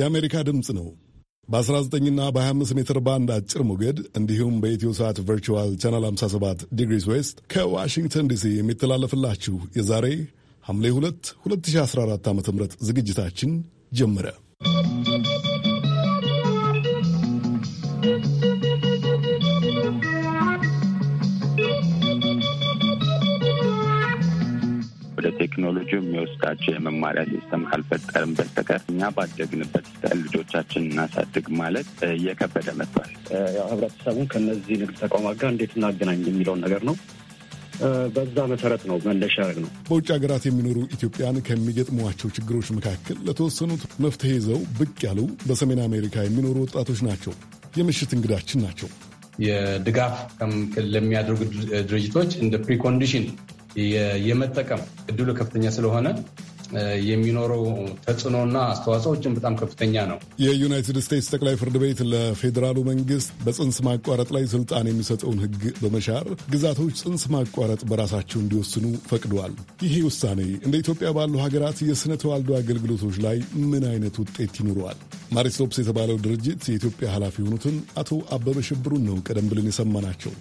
የአሜሪካ ድምፅ ነው። በ19ና በ25 ሜትር ባንድ አጭር ሞገድ እንዲሁም በኢትዮ ሰዓት ቨርቹዋል ቻናል 57 ዲግሪስ ዌስት ከዋሽንግተን ዲሲ የሚተላለፍላችሁ የዛሬ ሐምሌ 2 2014 ዓ ም ዝግጅታችን ጀመረ። ወደ ቴክኖሎጂው የሚወስዳቸው የመማሪያ ሲስተም ካልፈጠርም በስተቀር እኛ ባደግንበት ልጆቻችን እናሳድግ ማለት እየከበደ መጥቷል። ህብረተሰቡን ከነዚህ ንግድ ተቋማት ጋር እንዴት እናገናኝ የሚለውን ነገር ነው። በዛ መሰረት ነው መነሻ ነው። በውጭ ሀገራት የሚኖሩ ኢትዮጵያን ከሚገጥሟቸው ችግሮች መካከል ለተወሰኑት መፍትሄ ይዘው ብቅ ያሉ በሰሜን አሜሪካ የሚኖሩ ወጣቶች ናቸው የምሽት እንግዳችን ናቸው። የድጋፍ ለሚያደርጉ ድርጅቶች እንደ ፕሪኮንዲሽን የመጠቀም እድሉ ከፍተኛ ስለሆነ የሚኖረው ተጽዕኖና አስተዋጽኦችን በጣም ከፍተኛ ነው። የዩናይትድ ስቴትስ ጠቅላይ ፍርድ ቤት ለፌዴራሉ መንግስት በጽንስ ማቋረጥ ላይ ስልጣን የሚሰጠውን ሕግ በመሻር ግዛቶች ጽንስ ማቋረጥ በራሳቸው እንዲወስኑ ፈቅደዋል። ይሄ ውሳኔ እንደ ኢትዮጵያ ባሉ ሀገራት የስነ ተዋልዶ አገልግሎቶች ላይ ምን አይነት ውጤት ይኖረዋል? ማሪስቶፕስ የተባለው ድርጅት የኢትዮጵያ ኃላፊ የሆኑትን አቶ አበበ ሽብሩን ነው ቀደም ብለን የሰማናቸው።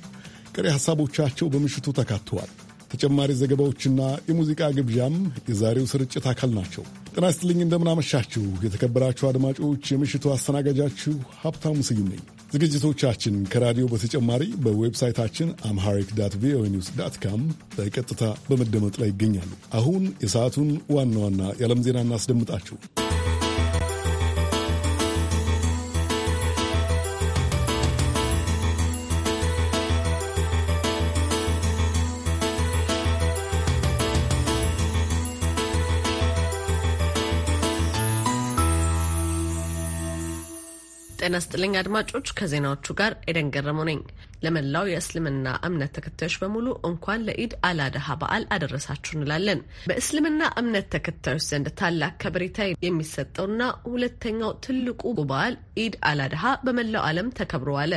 ቀሪ ሀሳቦቻቸው በምሽቱ ተካተዋል። ተጨማሪ ዘገባዎችና የሙዚቃ ግብዣም የዛሬው ስርጭት አካል ናቸው። ጤና ይስጥልኝ፣ እንደምናመሻችሁ የተከበራችሁ አድማጮች፣ የምሽቱ አስተናጋጃችሁ ሀብታሙ ስዩም ነኝ። ዝግጅቶቻችን ከራዲዮ በተጨማሪ በዌብሳይታችን አምሃሪክ ዳት ቪኦኤ ኒውስ ዳት ካም በቀጥታ በመደመጥ ላይ ይገኛሉ። አሁን የሰዓቱን ዋና ዋና የዓለም ዜና እናስደምጣችሁ። ይስጥልኝ አድማጮች፣ ከዜናዎቹ ጋር ኤደን ገረሙ ነኝ። ለመላው የእስልምና እምነት ተከታዮች በሙሉ እንኳን ለኢድ አላደሃ በዓል አደረሳችሁ እንላለን። በእስልምና እምነት ተከታዮች ዘንድ ታላቅ ከበሬታ የሚሰጠውና ሁለተኛው ትልቁ በዓል ኢድ አላደሃ በመላው ዓለም ተከብሮ አለ።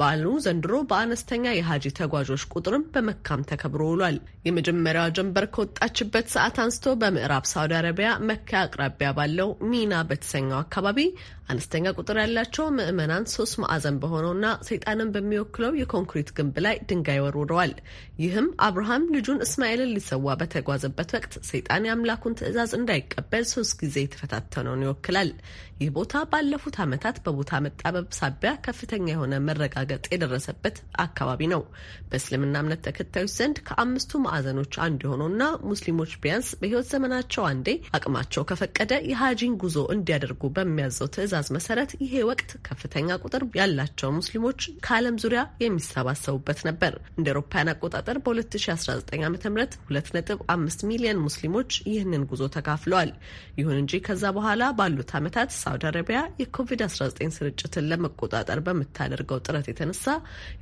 በዓሉ ዘንድሮ በአነስተኛ የሀጂ ተጓዦች ቁጥርም በመካም ተከብሮ ውሏል። የመጀመሪያዋ ጀንበር ከወጣችበት ሰዓት አንስቶ በምዕራብ ሳውዲ አረቢያ መካ አቅራቢያ ባለው ሚና በተሰኘው አካባቢ አነስተኛ ቁጥር ያላቸው ምዕመናን ሶስት ማዕዘን በሆነውና ሰይጣንን በሚወክለው የኮንክሪት ግንብ ላይ ድንጋይ ወርውረዋል። ይህም አብርሃም ልጁን እስማኤልን ሊሰዋ በተጓዘበት ወቅት ሰይጣን የአምላኩን ትዕዛዝ እንዳይቀበል ሶስት ጊዜ የተፈታተነውን ይወክላል። ይህ ቦታ ባለፉት ዓመታት በቦታ መጣበብ ሳቢያ ከፍተኛ የሆነ መረጋገጥ የደረሰበት አካባቢ ነው። በእስልምና እምነት ተከታዮች ዘንድ ከአምስቱ ማዕዘኖች አንዱ የሆነውና ሙስሊሞች ቢያንስ በሕይወት ዘመናቸው አንዴ አቅማቸው ከፈቀደ የሀጂን ጉዞ እንዲያደርጉ በሚያዘው ትዕዛዝ ትዕዛዝ መሰረት ይሄ ወቅት ከፍተኛ ቁጥር ያላቸው ሙስሊሞች ከዓለም ዙሪያ የሚሰባሰቡበት ነበር። እንደ አውሮፓውያን አቆጣጠር በ2019 ዓ ም 2.5 ሚሊዮን ሙስሊሞች ይህንን ጉዞ ተካፍለዋል። ይሁን እንጂ ከዛ በኋላ ባሉት ዓመታት ሳውዲ አረቢያ የኮቪድ-19 ስርጭትን ለመቆጣጠር በምታደርገው ጥረት የተነሳ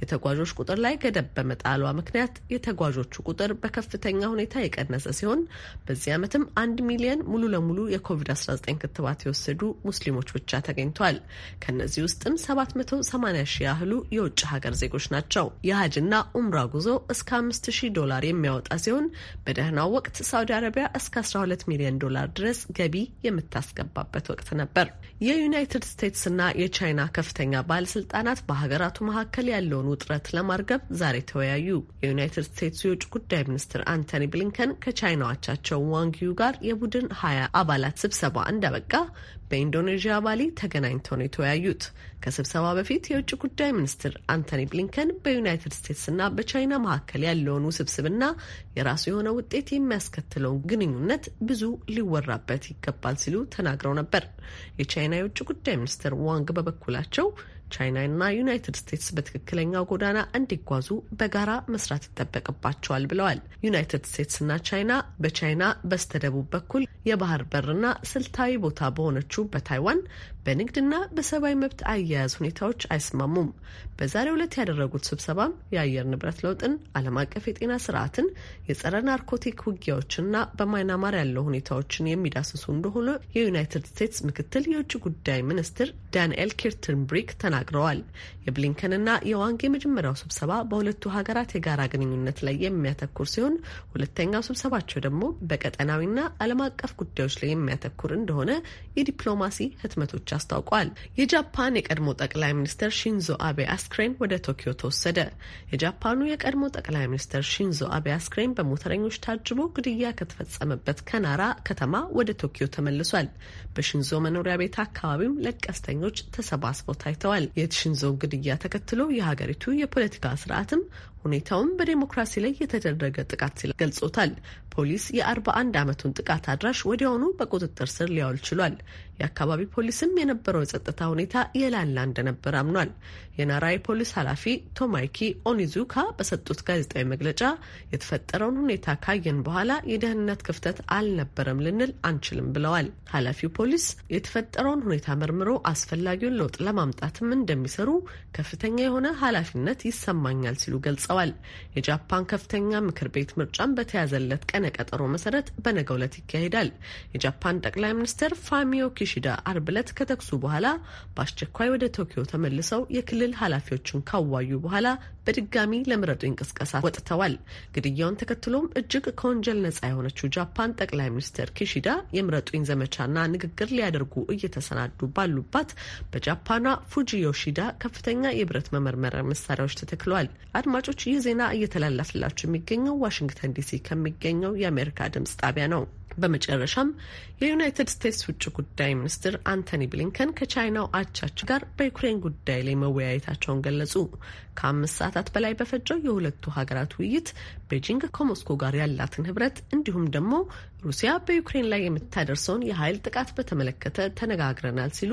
የተጓዦች ቁጥር ላይ ገደብ በመጣሏ ምክንያት የተጓዦቹ ቁጥር በከፍተኛ ሁኔታ የቀነሰ ሲሆን በዚህ ዓመትም አንድ ሚሊዮን ሙሉ ለሙሉ የኮቪድ-19 ክትባት የወሰዱ ሙስሊሞች ብቻ ተገኝቷል። ከነዚህ ውስጥም 780 ሺህ ያህሉ የውጭ ሀገር ዜጎች ናቸው። የሀጅና ኡምራ ጉዞ እስከ 5000 ዶላር የሚያወጣ ሲሆን በደህናው ወቅት ሳውዲ አረቢያ እስከ 12 ሚሊዮን ዶላር ድረስ ገቢ የምታስገባበት ወቅት ነበር። የዩናይትድ ስቴትስና የቻይና ከፍተኛ ባለስልጣናት በሀገራቱ መካከል ያለውን ውጥረት ለማርገብ ዛሬ ተወያዩ። የዩናይትድ ስቴትስ የውጭ ጉዳይ ሚኒስትር አንቶኒ ብሊንከን ከቻይናዎቻቸው ዋንጊዩ ጋር የቡድን ሀያ አባላት ስብሰባ እንዳበቃ በኢንዶኔዥያ ባሊ ተገናኝተው ነው የተወያዩት። ከስብሰባ በፊት የውጭ ጉዳይ ሚኒስትር አንቶኒ ብሊንከን በዩናይትድ ስቴትስና በቻይና መካከል ያለውን ውስብስብና የራሱ የሆነ ውጤት የሚያስከትለውን ግንኙነት ብዙ ሊወራበት ይገባል ሲሉ ተናግረው ነበር። የቻይና የውጭ ጉዳይ ሚኒስትር ዋንግ በበኩላቸው ቻይናና ዩናይትድ ስቴትስ በትክክለኛው ጎዳና እንዲጓዙ በጋራ መስራት ይጠበቅባቸዋል ብለዋል። ዩናይትድ ስቴትስና ቻይና በቻይና በስተደቡብ በኩል የባህር በርና ስልታዊ ቦታ በሆነችው በታይዋን በንግድና በሰብአዊ መብት አያያዝ ሁኔታዎች አይስማሙም። በዛሬው ዕለት ያደረጉት ስብሰባም የአየር ንብረት ለውጥን፣ ዓለም አቀፍ የጤና ስርዓትን፣ የጸረ ናርኮቲክ ውጊያዎችና በማይናማር ያለው ሁኔታዎችን የሚዳስሱ እንደሆነ የዩናይትድ ስቴትስ ምክትል የውጭ ጉዳይ ሚኒስትር ዳንኤል ኪርትንብሪክ ተናግረዋል። የብሊንከንና የዋንግ የመጀመሪያው ስብሰባ በሁለቱ ሀገራት የጋራ ግንኙነት ላይ የሚያተኩር ሲሆን ሁለተኛው ስብሰባቸው ደግሞ በቀጠናዊና ዓለም አቀፍ ጉዳዮች ላይ የሚያተኩር እንደሆነ የዲፕሎማሲ ህትመቶች አስታውቋል። የጃፓን የቀድሞ ጠቅላይ ሚኒስትር ሺንዞ አቤ አስክሬን ወደ ቶኪዮ ተወሰደ። የጃፓኑ የቀድሞ ጠቅላይ ሚኒስትር ሺንዞ አቤ አስክሬን በሞተረኞች ታጅቦ ግድያ ከተፈጸመበት ከናራ ከተማ ወደ ቶኪዮ ተመልሷል። በሽንዞ መኖሪያ ቤት አካባቢም ለቀስተኞች ተሰባስበው ታይተዋል። የሽንዞ ግድያ ተከትሎ የሀገሪቱ የፖለቲካ ስርዓትም ሁኔታውም በዴሞክራሲ ላይ የተደረገ ጥቃት ሲል ገልጾታል። ፖሊስ የ41 ዓመቱን ጥቃት አድራሽ ወዲያውኑ በቁጥጥር ስር ሊያውል ችሏል። የአካባቢ ፖሊስም የነበረው የጸጥታ ሁኔታ የላላ እንደነበር አምኗል። የናራይ ፖሊስ ኃላፊ ቶማይኪ ኦኒዙካ በሰጡት ጋዜጣዊ መግለጫ የተፈጠረውን ሁኔታ ካየን በኋላ የደህንነት ክፍተት አልነበረም ልንል አንችልም ብለዋል። ኃላፊው ፖሊስ የተፈጠረውን ሁኔታ መርምሮ አስፈላጊውን ለውጥ ለማምጣትም እንደሚሰሩ ከፍተኛ የሆነ ኃላፊነት ይሰማኛል ሲሉ ገልጸዋል። የጃፓን ከፍተኛ ምክር ቤት ምርጫም በተያዘለት ቀን ቀጠሮ መሰረት በነገ ዕለት ይካሄዳል። የጃፓን ጠቅላይ ሚኒስትር ፋሚዮ ኪሽዳ አርብ ዕለት ከተኩሱ በኋላ በአስቸኳይ ወደ ቶኪዮ ተመልሰው የክልል ኃላፊዎችን ካዋዩ በኋላ በድጋሚ ለምረጡኝ ቅስቀሳ ወጥተዋል። ግድያውን ተከትሎም እጅግ ከወንጀል ነጻ የሆነችው ጃፓን ጠቅላይ ሚኒስትር ኪሺዳ የምረጡኝ ዘመቻና ንግግር ሊያደርጉ እየተሰናዱ ባሉባት በጃፓኗ ፉጂ ዮሺዳ ከፍተኛ የብረት መመርመሪያ መሳሪያዎች ተተክለዋል። አድማጮች ይህ ዜና እየተላለፈላችሁ የሚገኘው ዋሽንግተን ዲሲ ከሚገኘው የአሜሪካ ድምጽ ጣቢያ ነው። በመጨረሻም የዩናይትድ ስቴትስ ውጭ ጉዳይ ሚኒስትር አንቶኒ ብሊንከን ከቻይናው አቻቸው ጋር በዩክሬን ጉዳይ ላይ መወያየታቸውን ገለጹ። ከአምስት ሰዓታት በላይ በፈጀው የሁለቱ ሀገራት ውይይት ቤጂንግ ከሞስኮ ጋር ያላትን ህብረት እንዲሁም ደግሞ ሩሲያ በዩክሬን ላይ የምታደርሰውን የኃይል ጥቃት በተመለከተ ተነጋግረናል ሲሉ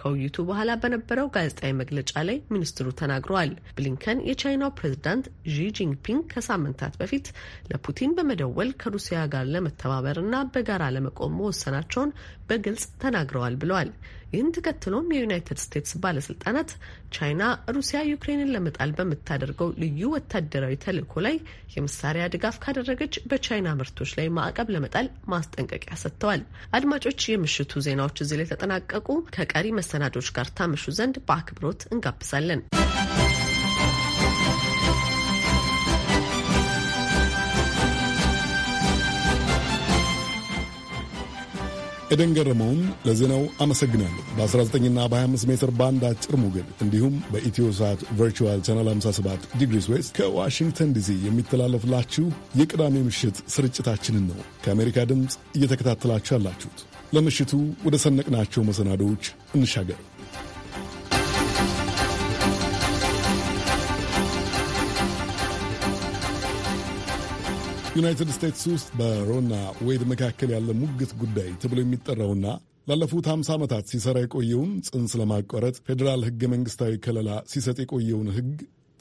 ከውይይቱ በኋላ በነበረው ጋዜጣዊ መግለጫ ላይ ሚኒስትሩ ተናግረዋል። ብሊንከን የቻይናው ፕሬዝዳንት ዢ ጂንፒንግ ከሳምንታት በፊት ለፑቲን በመደወል ከሩሲያ ጋር ለመተባበር እና በጋራ ለመቆም መወሰናቸውን በግልጽ ተናግረዋል ብለዋል። ይህን ተከትሎም የዩናይትድ ስቴትስ ባለስልጣናት ቻይና ሩሲያ ዩክሬንን ለመጣል በምታደርገው ልዩ ወታደራዊ ተልዕኮ ላይ የመሳሪያ ድጋፍ ካደረገች በቻይና ምርቶች ላይ ማዕቀብ ለመጣል ማስጠንቀቂያ ሰጥተዋል። አድማጮች፣ የምሽቱ ዜናዎች እዚህ ላይ ተጠናቀቁ። ከቀሪ መሰናዶች ጋር ታመሹ ዘንድ በአክብሮት እንጋብዛለን። ኤደን ገረመውን ለዜናው አመሰግናለሁ። በ19ና በ25 ሜትር ባንድ አጭር ሞገድ እንዲሁም በኢትዮ ሰዓት ቨርቹዋል ቻናል 57 ዲግሪስ ዌስት ከዋሽንግተን ዲሲ የሚተላለፍላችሁ የቅዳሜ ምሽት ስርጭታችንን ነው ከአሜሪካ ድምፅ እየተከታተላችሁ ያላችሁት። ለምሽቱ ወደ ሰነቅናቸው መሰናዶዎች እንሻገር። ዩናይትድ ስቴትስ ውስጥ በሮና ዌድ መካከል ያለ ሙግት ጉዳይ ተብሎ የሚጠራውና ላለፉት 50 ዓመታት ሲሰራ የቆየውን ጽንስ ለማቋረጥ ፌዴራል ህገ መንግሥታዊ ከለላ ሲሰጥ የቆየውን ህግ።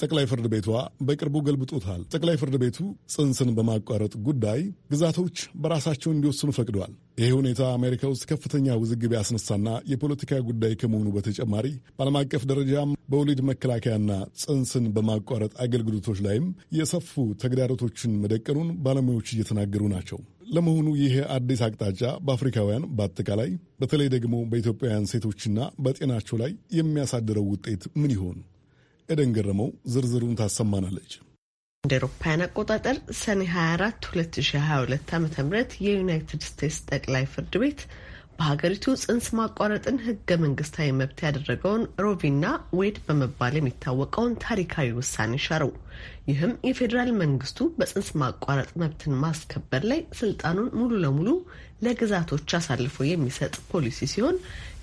ጠቅላይ ፍርድ ቤቷ በቅርቡ ገልብጦታል። ጠቅላይ ፍርድ ቤቱ ጽንስን በማቋረጥ ጉዳይ ግዛቶች በራሳቸው እንዲወስኑ ፈቅደዋል። ይህ ሁኔታ አሜሪካ ውስጥ ከፍተኛ ውዝግብ ያስነሳና የፖለቲካ ጉዳይ ከመሆኑ በተጨማሪ በዓለም አቀፍ ደረጃም በወሊድ መከላከያና ጽንስን በማቋረጥ አገልግሎቶች ላይም የሰፉ ተግዳሮቶችን መደቀኑን ባለሙያዎች እየተናገሩ ናቸው። ለመሆኑ ይህ አዲስ አቅጣጫ በአፍሪካውያን በአጠቃላይ በተለይ ደግሞ በኢትዮጵያውያን ሴቶችና በጤናቸው ላይ የሚያሳድረው ውጤት ምን ይሆን? ኤደን ገረመው ዝርዝሩን ታሰማናለች። እንደ አውሮፓውያን አቆጣጠር ሰኔ 24 2022 ዓ ም የዩናይትድ ስቴትስ ጠቅላይ ፍርድ ቤት በሀገሪቱ ጽንስ ማቋረጥን ህገ መንግስታዊ መብት ያደረገውን ሮቪና ዌድ በመባል የሚታወቀውን ታሪካዊ ውሳኔ ሻረው። ይህም የፌዴራል መንግስቱ በጽንስ ማቋረጥ መብትን ማስከበር ላይ ስልጣኑን ሙሉ ለሙሉ ለግዛቶች አሳልፎ የሚሰጥ ፖሊሲ ሲሆን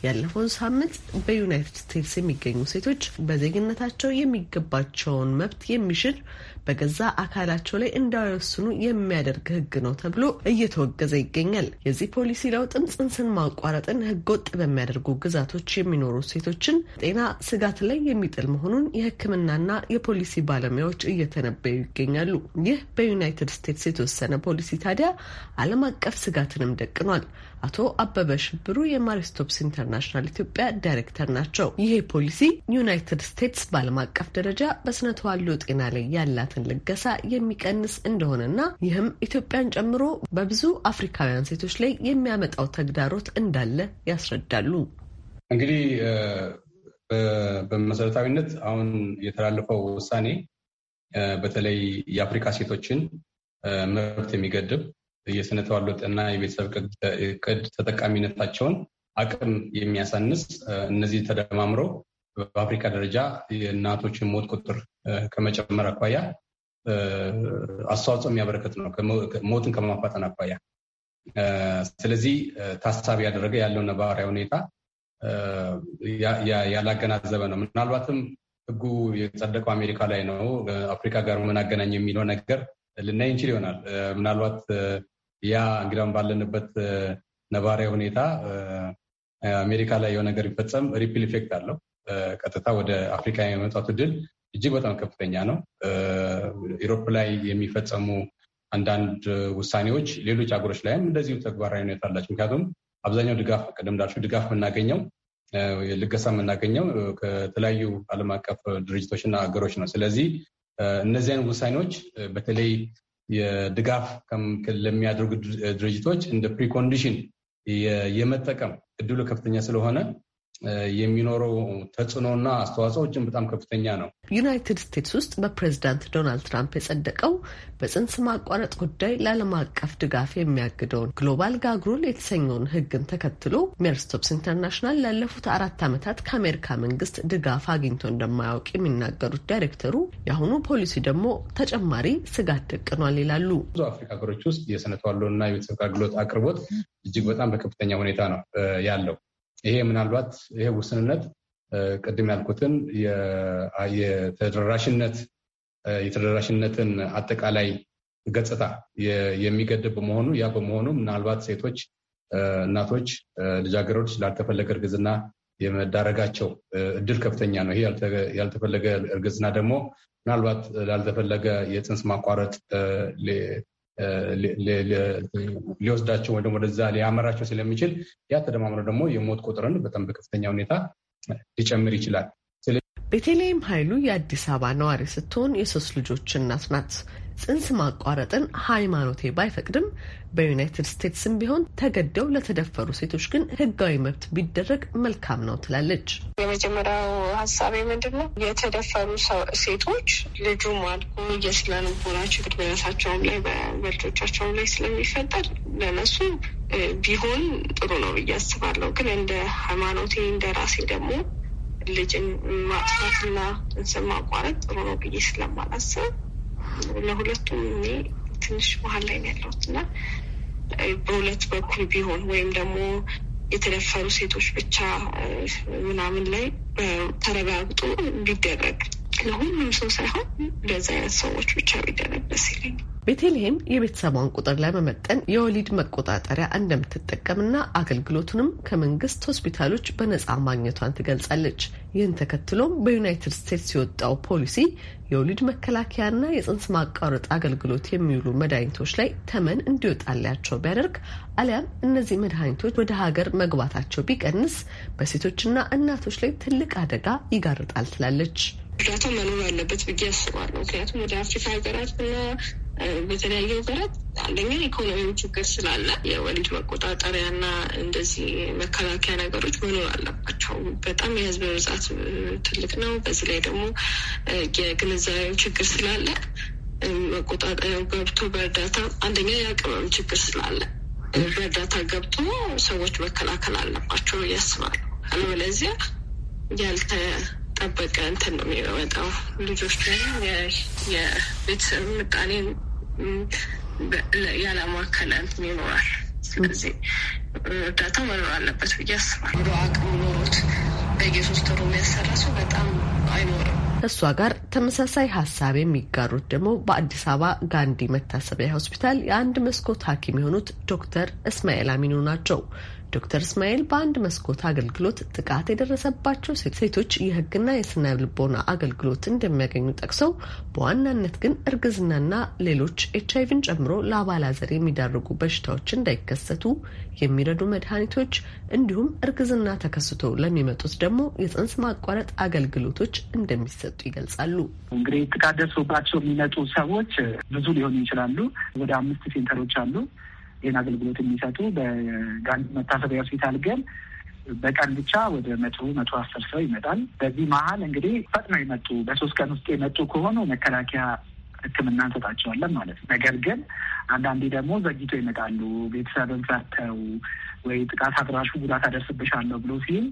ያለፈውን ሳምንት በዩናይትድ ስቴትስ የሚገኙ ሴቶች በዜግነታቸው የሚገባቸውን መብት የሚሽር በገዛ አካላቸው ላይ እንዳይወስኑ የሚያደርግ ህግ ነው ተብሎ እየተወገዘ ይገኛል። የዚህ ፖሊሲ ለውጥም ጽንስን ማቋረጥን ወጥ በሚያደርጉ ግዛቶች የሚኖሩ ሴቶችን ጤና ስጋት ላይ የሚጥል መሆኑን የህክምናና የፖሊሲ ባለሙያዎች እየተነበዩ ይገኛሉ። ይህ በዩናይትድ ስቴትስ የተወሰነ ፖሊሲ ታዲያ ዓለም አቀፍ ስጋትንም ደቅኗል። አቶ አበበ ሽብሩ የማሪስቶፕስ ኢንተርናሽናል ኢትዮጵያ ዳይሬክተር ናቸው። ይሄ ፖሊሲ ዩናይትድ ስቴትስ በዓለም አቀፍ ደረጃ በስነ ተዋልዶ ጤና ላይ ያላትን ልገሳ የሚቀንስ እንደሆነና ይህም ኢትዮጵያን ጨምሮ በብዙ አፍሪካውያን ሴቶች ላይ የሚያመጣው ተግዳሮት እንዳለ ያስረዳሉ። እንግዲህ በመሰረታዊነት አሁን የተላለፈው ውሳኔ በተለይ የአፍሪካ ሴቶችን መብት የሚገድብ የስነ ተዋልድ እና የቤተሰብ እቅድ ተጠቃሚነታቸውን አቅም የሚያሳንስ እነዚህ ተደማምሮ በአፍሪካ ደረጃ የእናቶችን ሞት ቁጥር ከመጨመር አኳያ አስተዋጽኦ የሚያበረከት ነው፣ ሞትን ከማፋጠን አኳያ። ስለዚህ ታሳቢ ያደረገ ያለው ነባራዊ ሁኔታ ያላገናዘበ ነው። ምናልባትም ህጉ የጸደቀው አሜሪካ ላይ ነው፣ አፍሪካ ጋር ምን አገናኝ የሚለው ነገር ልናይ እንችል ይሆናል። ምናልባት ያ እንግዲም ባለንበት ነባሪያ ሁኔታ አሜሪካ ላይ የሆነ ነገር ቢፈጸም ሪፕል ኢፌክት አለው። ቀጥታ ወደ አፍሪካ የመምጣቱ ድል እጅግ በጣም ከፍተኛ ነው። ኢሮፕ ላይ የሚፈጸሙ አንዳንድ ውሳኔዎች ሌሎች አገሮች ላይም እንደዚሁ ተግባራዊ ሁኔታ አላቸው። ምክንያቱም አብዛኛው ድጋፍ ቀደም ዳልሽው ድጋፍ የምናገኘው ልገሳ የምናገኘው ከተለያዩ ዓለም አቀፍ ድርጅቶች እና ሀገሮች ነው። ስለዚህ እነዚያን ውሳኔዎች በተለይ የድጋፍ ለሚያደርጉ ድርጅቶች እንደ ፕሪኮንዲሽን የመጠቀም እድሉ ከፍተኛ ስለሆነ የሚኖረው ተጽዕኖና አስተዋጽኦ እጅም በጣም ከፍተኛ ነው። ዩናይትድ ስቴትስ ውስጥ በፕሬዚዳንት ዶናልድ ትራምፕ የጸደቀው በጽንስ ማቋረጥ ጉዳይ ለዓለም አቀፍ ድጋፍ የሚያግደውን ግሎባል ጋግሩል የተሰኘውን ሕግን ተከትሎ ሜርስቶፕስ ኢንተርናሽናል ላለፉት አራት ዓመታት ከአሜሪካ መንግስት ድጋፍ አግኝቶ እንደማያውቅ የሚናገሩት ዳይሬክተሩ የአሁኑ ፖሊሲ ደግሞ ተጨማሪ ስጋት ደቅኗል ይላሉ። ብዙ አፍሪካ ሀገሮች ውስጥ የስነ ተዋልዶና የቤተሰብ አገልግሎት አቅርቦት እጅግ በጣም በከፍተኛ ሁኔታ ነው ያለው ይሄ ምናልባት ይሄ ውስንነት ቅድም ያልኩትን የተደራሽነት የተደራሽነትን አጠቃላይ ገጽታ የሚገድብ በመሆኑ ያ በመሆኑ ምናልባት ሴቶች፣ እናቶች፣ ልጃገረዶች ላልተፈለገ እርግዝና የመዳረጋቸው እድል ከፍተኛ ነው። ይሄ ያልተፈለገ እርግዝና ደግሞ ምናልባት ላልተፈለገ የፅንስ ማቋረጥ ሊወስዳቸው ወይ ደግሞ ወደዛ ሊያመራቸው ስለሚችል ያ ተደማምረ ደግሞ የሞት ቁጥርን በጣም በከፍተኛ ሁኔታ ሊጨምር ይችላል። ቤተልሔም ኃይሉ የአዲስ አበባ ነዋሪ ስትሆን የሶስት ልጆች እናት ናት። ጽንስ ማቋረጥን ሃይማኖቴ ባይፈቅድም በዩናይትድ ስቴትስም ቢሆን ተገደው ለተደፈሩ ሴቶች ግን ህጋዊ መብት ቢደረግ መልካም ነው ትላለች። የመጀመሪያው ሀሳቤ ምንድን ነው? የተደፈሩ ሴቶች ልጁም አልኮ የስነ ልቦናቸው በራሳቸውም ላይ በልጆቻቸውም ላይ ስለሚፈጠር ለነሱ ቢሆን ጥሩ ነው ብዬ አስባለሁ። ግን እንደ ሃይማኖቴ እንደ ራሴ ደግሞ ልጅን ማጥፋትና እንስን ማቋረጥ ጥሩ ነው ብዬ ስለማላስብ ለሁለቱም እኔ ትንሽ መሀል ላይ ነው ያለሁት እና በሁለት በኩል ቢሆን ወይም ደግሞ የተደፈሩ ሴቶች ብቻ ምናምን ላይ ተረጋግጦ ቢደረግ ለሁሉም ሰው ሳይሆን እንደዚ አይነት ሰዎች ብቻ ቢደረግ ደስ ይለኛል። ቤቴልሄም የቤተሰቧን ቁጥር ለመመጠን የወሊድ መቆጣጠሪያ እንደምትጠቀምና አገልግሎቱንም ከመንግስት ሆስፒታሎች በነጻ ማግኘቷን ትገልጻለች። ይህን ተከትሎም በዩናይትድ ስቴትስ የወጣው ፖሊሲ የወሊድ መከላከያና የጽንስ ማቋረጥ አገልግሎት የሚውሉ መድኃኒቶች ላይ ተመን እንዲወጣላቸው ቢያደርግ አሊያም እነዚህ መድኃኒቶች ወደ ሀገር መግባታቸው ቢቀንስ በሴቶችና እናቶች ላይ ትልቅ አደጋ ይጋርጣል ትላለች። እርዳታ መኖር አለበት ብዬ አስባለሁ። ምክንያቱም ወደ አፍሪካ ሀገራት እና በተለያየ ሀገራት አንደኛ ኢኮኖሚው ችግር ስላለ የወሊድ መቆጣጠሪያና እንደዚህ መከላከያ ነገሮች መኖር አለባቸው። በጣም የህዝብ ብዛት ትልቅ ነው። በዚህ ላይ ደግሞ የግንዛቤው ችግር ስላለ መቆጣጠሪያው ገብቶ በእርዳታ አንደኛ የአቅመም ችግር ስላለ በእርዳታ ገብቶ ሰዎች መከላከል አለባቸው ያስባሉ። አለበለዚያ ያልተ ጠበቀ እንትን ነው የሚመጣው። ልጆች የቤተሰብ ምጣኔ ያላማከለ እንትን ይኖራል። ስለዚህ እርዳታ መኖር አለበት ብዬ አስባለሁ። አቅም ኖሮት በየሶስት ወሩ የሚያሰራ ሰው በጣም አይኖርም። እሷ ጋር ተመሳሳይ ሀሳብ የሚጋሩት ደግሞ በአዲስ አበባ ጋንዲ መታሰቢያ ሆስፒታል የአንድ መስኮት ሐኪም የሆኑት ዶክተር እስማኤል አሚኑ ናቸው። ዶክተር እስማኤል በአንድ መስኮት አገልግሎት ጥቃት የደረሰባቸው ሴቶች የህግና የስነ ልቦና አገልግሎት እንደሚያገኙ ጠቅሰው በዋናነት ግን እርግዝናና ሌሎች ኤች አይቪን ጨምሮ ለአባላዘር የሚዳርጉ በሽታዎች እንዳይከሰቱ የሚረዱ መድኃኒቶች እንዲሁም እርግዝና ተከስቶ ለሚመጡት ደግሞ የጽንስ ማቋረጥ አገልግሎቶች እንደሚሰጡ ይገልጻሉ። እንግዲህ ጥቃት ደርሶባቸው የሚመጡ ሰዎች ብዙ ሊሆኑ ይችላሉ። ወደ አምስት ሴንተሮች አሉ። ይህን አገልግሎት የሚሰጡ በጋንድ መታሰቢያ ሆስፒታል ግን በቀን ብቻ ወደ መቶ መቶ አስር ሰው ይመጣል። በዚህ መሀል እንግዲህ ፈጥነው የመጡ በሶስት ቀን ውስጥ የመጡ ከሆኑ መከላከያ ሕክምና እንሰጣቸዋለን ማለት ነው። ነገር ግን አንዳንዴ ደግሞ ዘግይቶ ይመጣሉ። ቤተሰብን ፈርተው ወይ ጥቃት አድራሹ ጉዳት አደርስብሻለሁ ብሎ ሲል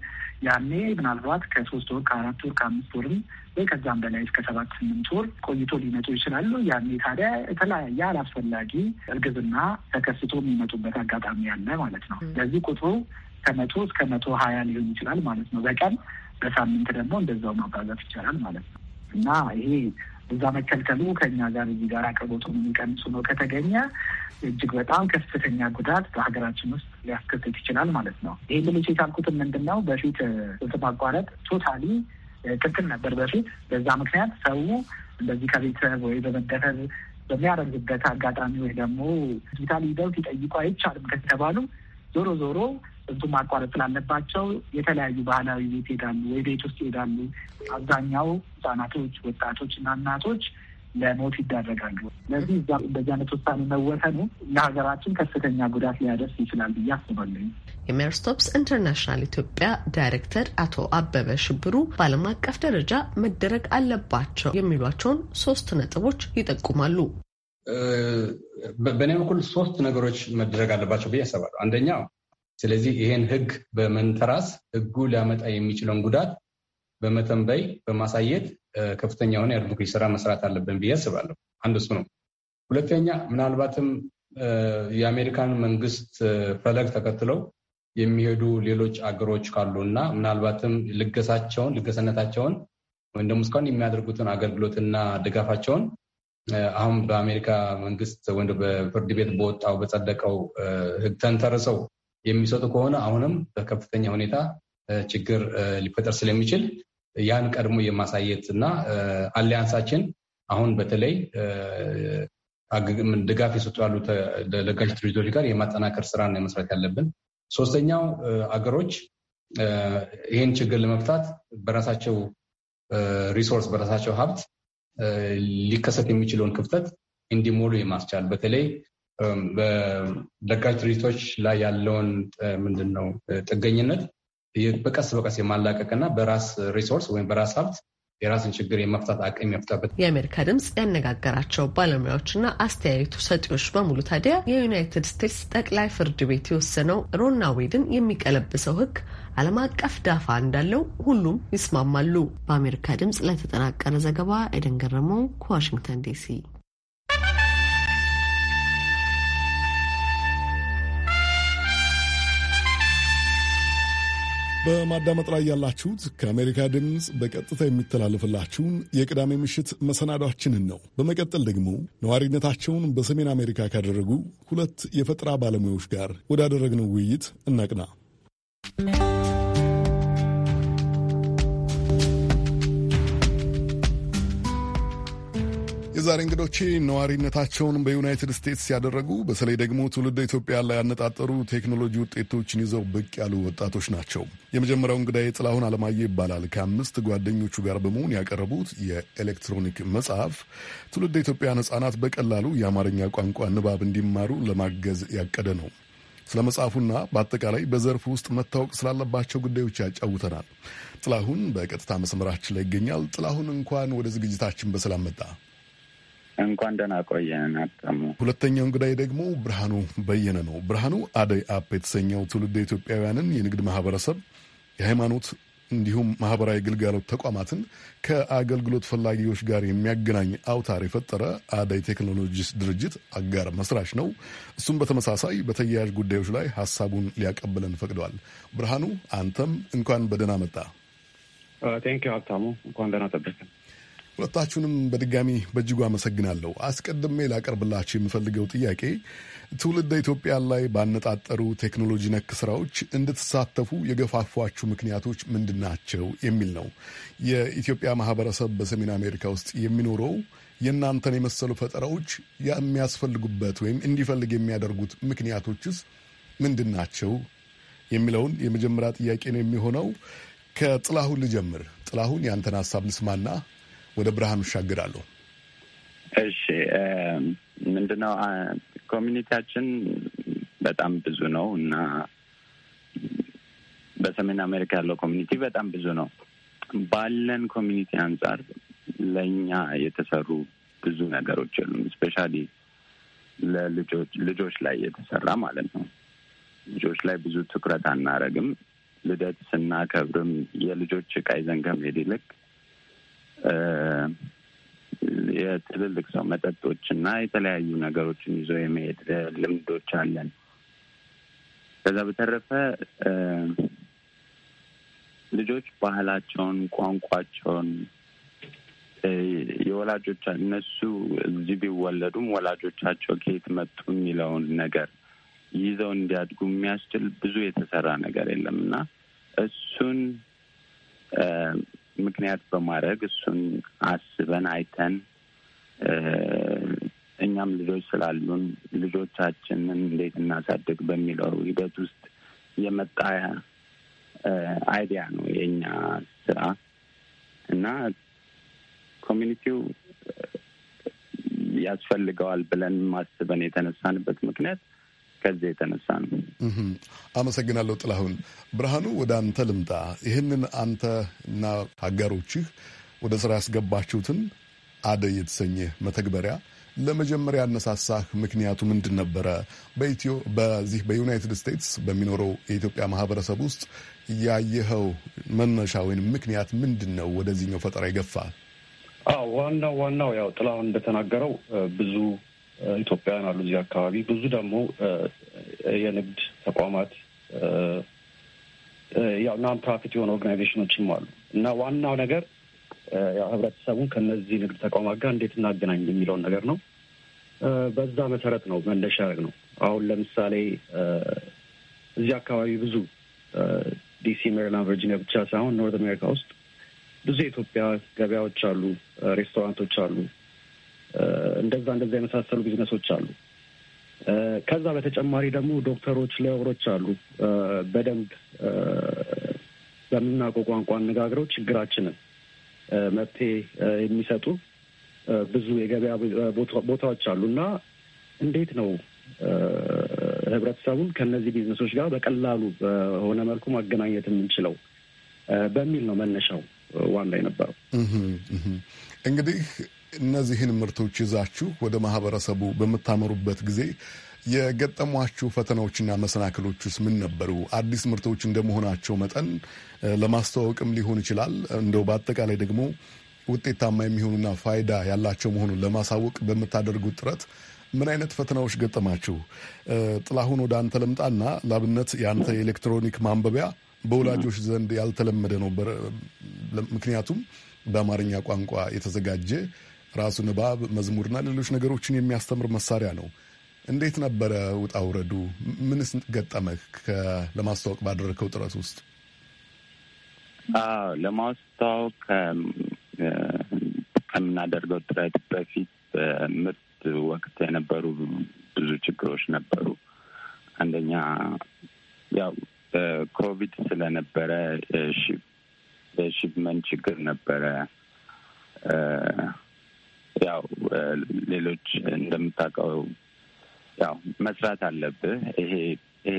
ያኔ ምናልባት ከሶስት ወር ከአራት ወር ከአምስት ወርም ወይ ከዛም በላይ እስከ ሰባት ስምንት ወር ቆይቶ ሊመጡ ይችላሉ። ያኔ ታዲያ የተለያየ አላስፈላጊ እርግዝና ተከስቶ የሚመጡበት አጋጣሚ ያለ ማለት ነው። ስለዚህ ቁጥሩ ከመቶ እስከ መቶ ሀያ ሊሆን ይችላል ማለት ነው በቀን በሳምንት ደግሞ እንደዛው ማባዛት ይቻላል ማለት ነው እና ይሄ እዛ መከልከሉ ከኛ ጋር እዚህ ጋር አቅርቦቱን የሚቀንሱ ነው ከተገኘ እጅግ በጣም ከፍተኛ ጉዳት በሀገራችን ውስጥ ሊያስከትት ይችላል ማለት ነው። ይህ ልልሽ የታልኩትን ምንድን ነው በፊት ስልት ማቋረጥ ቶታሊ ክልክል ነበር በፊት። በዛ ምክንያት ሰው እንደዚህ ከቤተሰብ ወይ በመደፈር በሚያደርግበት አጋጣሚ ወይ ደግሞ ሆስፒታል ሂደው ሲጠይቁ አይቻልም ከተባሉ ዞሮ ዞሮ ስንቱ ማቋረጥ ስላለባቸው የተለያዩ ባህላዊ ቤት ይሄዳሉ ወይ ቤት ውስጥ ይሄዳሉ። አብዛኛው ህጻናቶች፣ ወጣቶች እና እናቶች ለሞት ይዳረጋሉ። ስለዚህ እዛ እንደዚህ አይነት ውሳኔ መወሰኑ ለሀገራችን ከፍተኛ ጉዳት ሊያደርስ ይችላል ብዬ አስባለኝ። የሜርስቶፕስ ኢንተርናሽናል ኢትዮጵያ ዳይሬክተር አቶ አበበ ሽብሩ በዓለም አቀፍ ደረጃ መደረግ አለባቸው የሚሏቸውን ሶስት ነጥቦች ይጠቁማሉ። በእኔ በኩል ሶስት ነገሮች መደረግ አለባቸው ብዬ አስባለሁ። አንደኛው ስለዚህ ይሄን ህግ በመንተራስ ህጉ ሊያመጣ የሚችለውን ጉዳት በመተንበይ በማሳየት ከፍተኛ የሆነ የአድቮኬሲ ስራ መስራት አለብን ብዬ አስባለሁ። አንድ እሱ ነው። ሁለተኛ ምናልባትም የአሜሪካን መንግስት ፈለግ ተከትለው የሚሄዱ ሌሎች አገሮች ካሉ እና ምናልባትም ልገሳቸውን ልገሰነታቸውን ወይም ደግሞ እስካሁን የሚያደርጉትን አገልግሎትና ድጋፋቸውን አሁን በአሜሪካ መንግስት ወይም በፍርድ ቤት በወጣው በጸደቀው ህግ ተንተርሰው የሚሰጡ ከሆነ አሁንም በከፍተኛ ሁኔታ ችግር ሊፈጠር ስለሚችል ያን ቀድሞ የማሳየት እና አሊያንሳችን አሁን በተለይ ድጋፍ የሰጡ ያሉ ለጋሽ ድርጅቶች ጋር የማጠናከር ስራ ነው መስራት ያለብን። ሶስተኛው አገሮች ይህን ችግር ለመፍታት በራሳቸው ሪሶርስ በራሳቸው ሀብት ሊከሰት የሚችለውን ክፍተት እንዲሞሉ የማስቻል በተለይ በለጋሽ ድርጅቶች ላይ ያለውን ምንድን ነው ጥገኝነት በቀስ በቀስ የማላቀቅና በራስ ሪሶርስ ወይም በራስ ሀብት የራስን ችግር የመፍታት አቅም የመፍታበት። የአሜሪካ ድምፅ ያነጋገራቸው ባለሙያዎችና አስተያየቱ ሰጪዎች በሙሉ ታዲያ የዩናይትድ ስቴትስ ጠቅላይ ፍርድ ቤት የወሰነው ሮና ዌድን የሚቀለብሰው ህግ ዓለም አቀፍ ዳፋ እንዳለው ሁሉም ይስማማሉ። በአሜሪካ ድምፅ ለተጠናቀረ ዘገባ ኤደን ገረመው ከዋሽንግተን ዲሲ በማዳመጥ ላይ ያላችሁት ከአሜሪካ ድምፅ በቀጥታ የሚተላለፍላችሁን የቅዳሜ ምሽት መሰናዷችንን ነው። በመቀጠል ደግሞ ነዋሪነታቸውን በሰሜን አሜሪካ ካደረጉ ሁለት የፈጠራ ባለሙያዎች ጋር ወዳደረግነው ውይይት እናቅና። የዛሬ እንግዶቼ ነዋሪነታቸውን በዩናይትድ ስቴትስ ያደረጉ በተለይ ደግሞ ትውልደ ኢትዮጵያ ላይ ያነጣጠሩ ቴክኖሎጂ ውጤቶችን ይዘው ብቅ ያሉ ወጣቶች ናቸው። የመጀመሪያው እንግዳዬ ጥላሁን አለማየ ይባላል። ከአምስት ጓደኞቹ ጋር በመሆን ያቀረቡት የኤሌክትሮኒክ መጽሐፍ ትውልደ ኢትዮጵያን ሕጻናት በቀላሉ የአማርኛ ቋንቋ ንባብ እንዲማሩ ለማገዝ ያቀደ ነው። ስለ መጽሐፉና በአጠቃላይ በዘርፉ ውስጥ መታወቅ ስላለባቸው ጉዳዮች ያጫውተናል። ጥላሁን በቀጥታ መስመራችን ላይ ይገኛል። ጥላሁን እንኳን ወደ ዝግጅታችን በሰላም መጣ። እንኳን ደህና ቆየን አጣሙ። ሁለተኛው እንግዳይ ደግሞ ብርሃኑ በየነ ነው። ብርሃኑ አደይ አፕ የተሰኘው ትውልድ ኢትዮጵያውያንን የንግድ ማህበረሰብ፣ የሃይማኖት እንዲሁም ማህበራዊ ግልጋሎት ተቋማትን ከአገልግሎት ፈላጊዎች ጋር የሚያገናኝ አውታር የፈጠረ አደይ ቴክኖሎጂስ ድርጅት አጋር መስራች ነው። እሱም በተመሳሳይ በተያያዥ ጉዳዮች ላይ ሀሳቡን ሊያቀብለን ፈቅደዋል። ብርሃኑ አንተም እንኳን በደህና መጣ። ቴንኪው ሀብታሙ፣ እንኳን ደህና ጠበቅን። ሁለታችሁንም በድጋሚ በእጅጉ አመሰግናለሁ። አስቀድሜ ላቀርብላችሁ የምፈልገው ጥያቄ ትውልደ ኢትዮጵያ ላይ ባነጣጠሩ ቴክኖሎጂ ነክ ስራዎች እንድትሳተፉ የገፋፏችሁ ምክንያቶች ምንድን ናቸው የሚል ነው። የኢትዮጵያ ማህበረሰብ በሰሜን አሜሪካ ውስጥ የሚኖረው የእናንተን የመሰሉ ፈጠራዎች የሚያስፈልጉበት ወይም እንዲፈልግ የሚያደርጉት ምክንያቶችስ ምንድን ናቸው የሚለውን የመጀመሪያ ጥያቄ ነው የሚሆነው። ከጥላሁን ልጀምር። ጥላሁን ያንተን ሀሳብ ልስማና ወደ ብርሃኑ እሻገራለሁ። እሺ ምንድነው ኮሚኒቲያችን በጣም ብዙ ነው እና በሰሜን አሜሪካ ያለው ኮሚኒቲ በጣም ብዙ ነው። ባለን ኮሚኒቲ አንጻር ለእኛ የተሰሩ ብዙ ነገሮች የሉም። እስፔሻሊ ለልጆች ልጆች ላይ የተሰራ ማለት ነው። ልጆች ላይ ብዙ ትኩረት አናረግም። ልደት ስናከብርም የልጆች ዕቃ ይዘን ከመሄድ ይልቅ የትልልቅ ሰው መጠጦች እና የተለያዩ ነገሮችን ይዞ የመሄድ ልምዶች አለን። ከዛ በተረፈ ልጆች ባህላቸውን፣ ቋንቋቸውን የወላጆቻ እነሱ እዚህ ቢወለዱም ወላጆቻቸው ከየት መጡ የሚለውን ነገር ይዘው እንዲያድጉ የሚያስችል ብዙ የተሰራ ነገር የለም እና እሱን ምክንያት በማድረግ እሱን አስበን አይተን እኛም ልጆች ስላሉን ልጆቻችንን እንዴት እናሳድግ በሚለው ሂደት ውስጥ የመጣ አይዲያ ነው የእኛ ስራ እና ኮሚኒቲው ያስፈልገዋል ብለን ማስበን የተነሳንበት ምክንያት ከዚህ የተነሳ ነው። አመሰግናለሁ ጥላሁን። ብርሃኑ ወደ አንተ ልምጣ። ይህንን አንተ እና አጋሮችህ ወደ ስራ ያስገባችሁትን አደይ የተሰኘ መተግበሪያ ለመጀመሪያ ያነሳሳህ ምክንያቱ ምንድን ነበረ? በኢትዮ በዚህ በዩናይትድ ስቴትስ በሚኖረው የኢትዮጵያ ማህበረሰብ ውስጥ ያየኸው መነሻ ወይም ምክንያት ምንድን ነው? ወደዚህኛው ፈጠራ ይገፋል። ዋናው ዋናው ያው ጥላሁን እንደተናገረው ብዙ ኢትዮጵያውያን አሉ እዚህ አካባቢ። ብዙ ደግሞ የንግድ ተቋማት ያው ናን ፕራፊት የሆነ ኦርጋናይዜሽኖችም አሉ እና ዋናው ነገር ያው ህብረተሰቡን ከነዚህ ንግድ ተቋማት ጋር እንዴት እናገናኝ የሚለውን ነገር ነው። በዛ መሰረት ነው መነሻ ያደረግ ነው። አሁን ለምሳሌ እዚህ አካባቢ ብዙ ዲሲ፣ ሜሪላንድ፣ ቨርጂኒያ ብቻ ሳይሆን ኖርት አሜሪካ ውስጥ ብዙ የኢትዮጵያ ገበያዎች አሉ፣ ሬስቶራንቶች አሉ። እንደዛ እንደዛ የመሳሰሉ ቢዝነሶች አሉ። ከዛ በተጨማሪ ደግሞ ዶክተሮች፣ ሌበሮች አሉ በደንብ በምናውቀው ቋንቋ አነጋግረው ችግራችንን መፍትሄ የሚሰጡ ብዙ የገበያ ቦታዎች አሉ እና እንዴት ነው ህብረተሰቡን ከእነዚህ ቢዝነሶች ጋር በቀላሉ በሆነ መልኩ ማገናኘት የምንችለው በሚል ነው መነሻው ዋና የነበረው። እንግዲህ እነዚህን ምርቶች ይዛችሁ ወደ ማህበረሰቡ በምታመሩበት ጊዜ የገጠሟችሁ ፈተናዎችና መሰናክሎች ውስጥ ምን ነበሩ? አዲስ ምርቶች እንደመሆናቸው መጠን ለማስተዋወቅም ሊሆን ይችላል። እንደው በአጠቃላይ ደግሞ ውጤታማ የሚሆኑና ፋይዳ ያላቸው መሆኑን ለማሳወቅ በምታደርጉት ጥረት ምን አይነት ፈተናዎች ገጠማችሁ? ጥላሁን ወደ አንተ ልምጣና ላብነት የአንተ የኤሌክትሮኒክ ማንበቢያ በወላጆች ዘንድ ያልተለመደ ነው። ምክንያቱም በአማርኛ ቋንቋ የተዘጋጀ ራሱን ንባብ፣ መዝሙርና ሌሎች ነገሮችን የሚያስተምር መሳሪያ ነው። እንዴት ነበረ ውጣ ውረዱ? ምንስ ገጠመህ ለማስተዋወቅ ባደረግከው ጥረት ውስጥ? አዎ ለማስተዋወቅ ከምናደርገው ጥረት በፊት በምርት ወቅት የነበሩ ብዙ ችግሮች ነበሩ። አንደኛ ያው ኮቪድ ስለነበረ የሺፕመንት ችግር ነበረ። ያው ሌሎች እንደምታውቀው ያው መስራት አለብህ። ይሄ ይሄ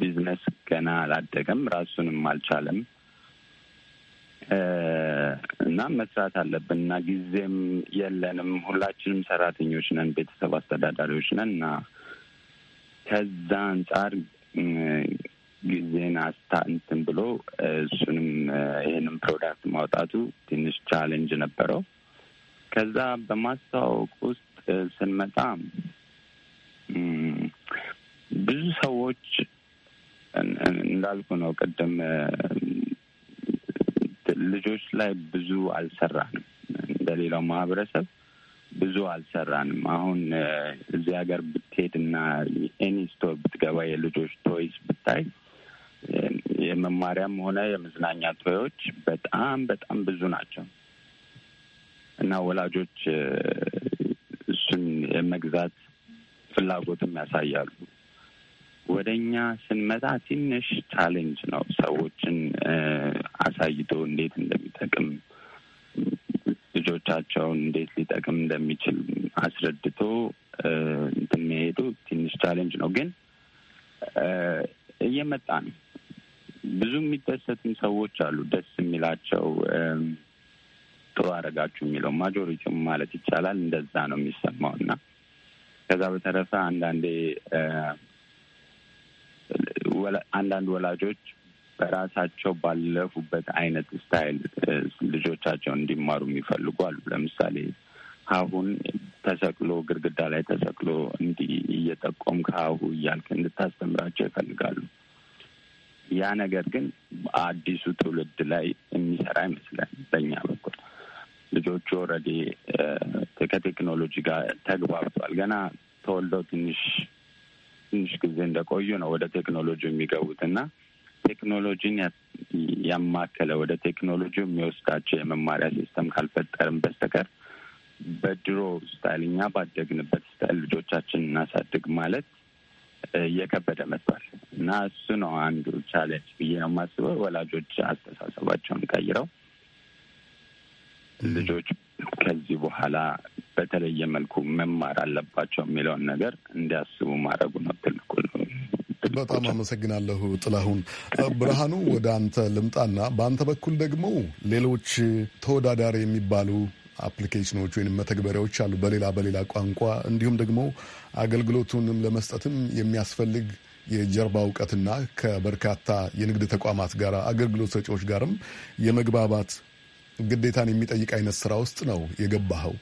ቢዝነስ ገና አላደገም፣ ራሱንም አልቻለም እና መስራት አለብን እና ጊዜም የለንም። ሁላችንም ሰራተኞች ነን፣ ቤተሰብ አስተዳዳሪዎች ነን እና ከዛ አንጻር ጊዜን አስታ እንትን ብሎ እሱንም ይህንም ፕሮዳክት ማውጣቱ ትንሽ ቻሌንጅ ነበረው። ከዛ በማስተዋወቅ ውስጥ ስንመጣ ብዙ ሰዎች እንዳልኩ ነው ቅድም ልጆች ላይ ብዙ አልሰራንም። እንደሌላው ማህበረሰብ ብዙ አልሰራንም። አሁን እዚህ ሀገር ብትሄድና ኤኒ ስቶር ብትገባ የልጆች ቶይስ ብታይ የመማሪያም ሆነ የመዝናኛ ቶዮች በጣም በጣም ብዙ ናቸው። እና ወላጆች እሱን የመግዛት ፍላጎትም ያሳያሉ። ወደ እኛ ስንመጣ ትንሽ ቻሌንጅ ነው። ሰዎችን አሳይቶ እንዴት እንደሚጠቅም ልጆቻቸውን እንዴት ሊጠቅም እንደሚችል አስረድቶ እንትን መሄዱ ትንሽ ቻሌንጅ ነው፣ ግን እየመጣ ነው። ብዙ የሚደሰትም ሰዎች አሉ። ደስ የሚላቸው ጥሩ አደረጋችሁ የሚለው ማጆሪቲው ማለት ይቻላል እንደዛ ነው የሚሰማው እና ከዛ በተረፈ አንዳንዴ አንዳንድ ወላጆች በራሳቸው ባለፉበት አይነት ስታይል ልጆቻቸውን እንዲማሩ የሚፈልጉ አሉ። ለምሳሌ ሀሁን ተሰቅሎ ግድግዳ ላይ ተሰቅሎ እንዲህ እየጠቆም ከሀሁ እያልክ እንድታስተምራቸው ይፈልጋሉ። ያ ነገር ግን አዲሱ ትውልድ ላይ የሚሰራ አይመስለንም በእኛ በኩል ልጆቹ ኦልሬዲ uh, ከቴክኖሎጂ ጋር ተግባብቷል። ገና ተወልደው ትንሽ ትንሽ ጊዜ እንደቆዩ ነው ወደ ቴክኖሎጂ የሚገቡት እና ቴክኖሎጂን ያማከለ ወደ ቴክኖሎጂ የሚወስዳቸው የመማሪያ ሲስተም ካልፈጠርም በስተቀር በድሮ ስታይል እኛ ባደግንበት ስታይል ልጆቻችን እናሳድግ ማለት እየከበደ መጥቷል እና እሱ ነው አንዱ ቻሌንጅ ብዬ ነው የማስበው። ወላጆች አስተሳሰባቸውን ቀይረው ልጆች ከዚህ በኋላ በተለየ መልኩ መማር አለባቸው የሚለውን ነገር እንዲያስቡ ማድረጉ ነው ትልቁ በጣም አመሰግናለሁ ጥላሁን። ብርሃኑ ወደ አንተ ልምጣና በአንተ በኩል ደግሞ ሌሎች ተወዳዳሪ የሚባሉ አፕሊኬሽኖች ወይም መተግበሪያዎች አሉ በሌላ በሌላ ቋንቋ እንዲሁም ደግሞ አገልግሎቱንም ለመስጠትም የሚያስፈልግ የጀርባ እውቀትና ከበርካታ የንግድ ተቋማት ጋር አገልግሎት ሰጪዎች ጋርም የመግባባት ግዴታን የሚጠይቅ አይነት ስራ ውስጥ ነው የገባኸው።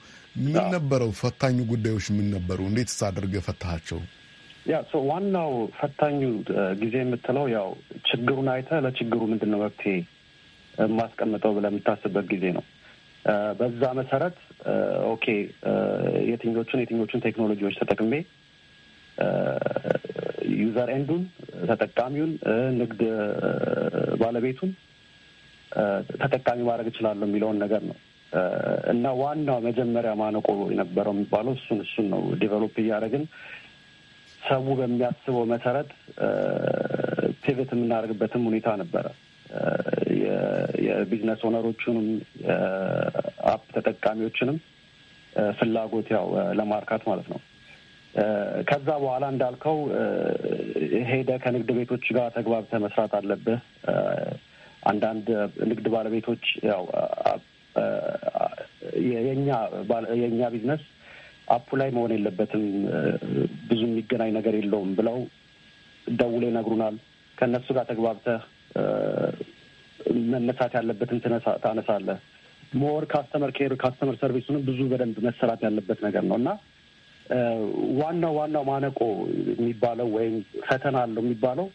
ምን ነበረው ፈታኙ ጉዳዮች ምን ነበሩ? እንዴት አድርገህ ፈታሃቸው? ያ ዋናው ፈታኙ ጊዜ የምትለው ያው ችግሩን አይተህ ለችግሩ ምንድን ነው መፍትሄ የማስቀምጠው ብለህ የምታስብበት ጊዜ ነው። በዛ መሰረት ኦኬ የትኞቹን የትኞቹን ቴክኖሎጂዎች ተጠቅሜ ዩዘር ኤንዱን፣ ተጠቃሚውን፣ ንግድ ባለቤቱን ተጠቃሚ ማድረግ እችላለሁ የሚለውን ነገር ነው እና ዋናው መጀመሪያ ማነቆ የነበረው የሚባለው እሱን እሱን ነው ዲቨሎፕ እያደረግን ሰው በሚያስበው መሰረት ፒቨት የምናደርግበትም ሁኔታ ነበረ። የቢዝነስ ኦነሮቹንም የአፕ ተጠቃሚዎችንም ፍላጎት ያው ለማርካት ማለት ነው። ከዛ በኋላ እንዳልከው ሄደ ከንግድ ቤቶች ጋር ተግባብተ መስራት አለብህ። አንዳንድ ንግድ ባለቤቶች ያው የኛ የእኛ ቢዝነስ አፑ ላይ መሆን የለበትም ብዙ የሚገናኝ ነገር የለውም ብለው ደውሎ ይነግሩናል። ከእነሱ ጋር ተግባብተህ መነሳት ያለበትን ታነሳለህ። ሞር ካስተመር ኬር ካስተመር ሰርቪሱንም ብዙ በደንብ መሰራት ያለበት ነገር ነው እና ዋናው ዋናው ማነቆ የሚባለው ወይም ፈተና አለው የሚባለው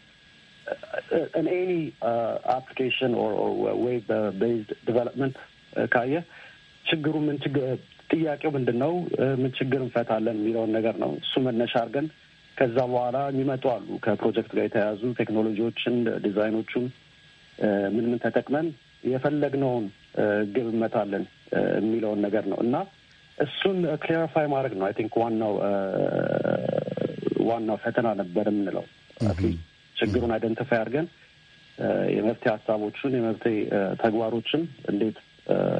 in uh, any uh, application or, or uh, wave based development ካየ ጥያቄው ምንድን ነው? ምን ችግር እንፈታለን የሚለውን ነገር ነው። እሱ መነሻ አድርገን ከዛ በኋላ የሚመጡ አሉ ከፕሮጀክት ጋር የተያያዙ ቴክኖሎጂዎችን፣ ዲዛይኖቹን ምን ምን ተጠቅመን የፈለግነውን ግብ እመታለን የሚለውን ነገር ነው እና እሱን ክሊሪፋይ ማድረግ ነው አይ ቲንክ ዋናው ዋናው ፈተና ነበር የምንለው አትሊስት ችግሩን አይደንቲፋይ አድርገን የመፍትሄ ሀሳቦችን የመፍትሄ ተግባሮችን እንዴት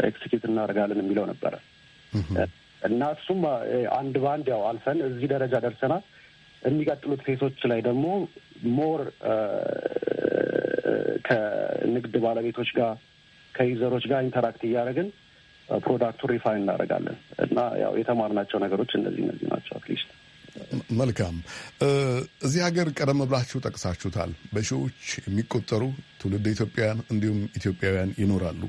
ኤክስኪዩት እናደርጋለን የሚለው ነበረ እና እሱም አንድ በአንድ ያው አልፈን እዚህ ደረጃ ደርሰናል። የሚቀጥሉት ፌሶች ላይ ደግሞ ሞር ከንግድ ባለቤቶች ጋር ከዩዘሮች ጋር ኢንተራክት እያደረግን ፕሮዳክቱን ሪፋይን እናደርጋለን እና ያው የተማርናቸው ነገሮች እነዚህ እነዚህ ናቸው አትሊስት መልካም። እዚህ ሀገር ቀደም ብላችሁ ጠቅሳችሁታል፣ በሺዎች የሚቆጠሩ ትውልድ ኢትዮጵያውያን እንዲሁም ኢትዮጵያውያን ይኖራሉ።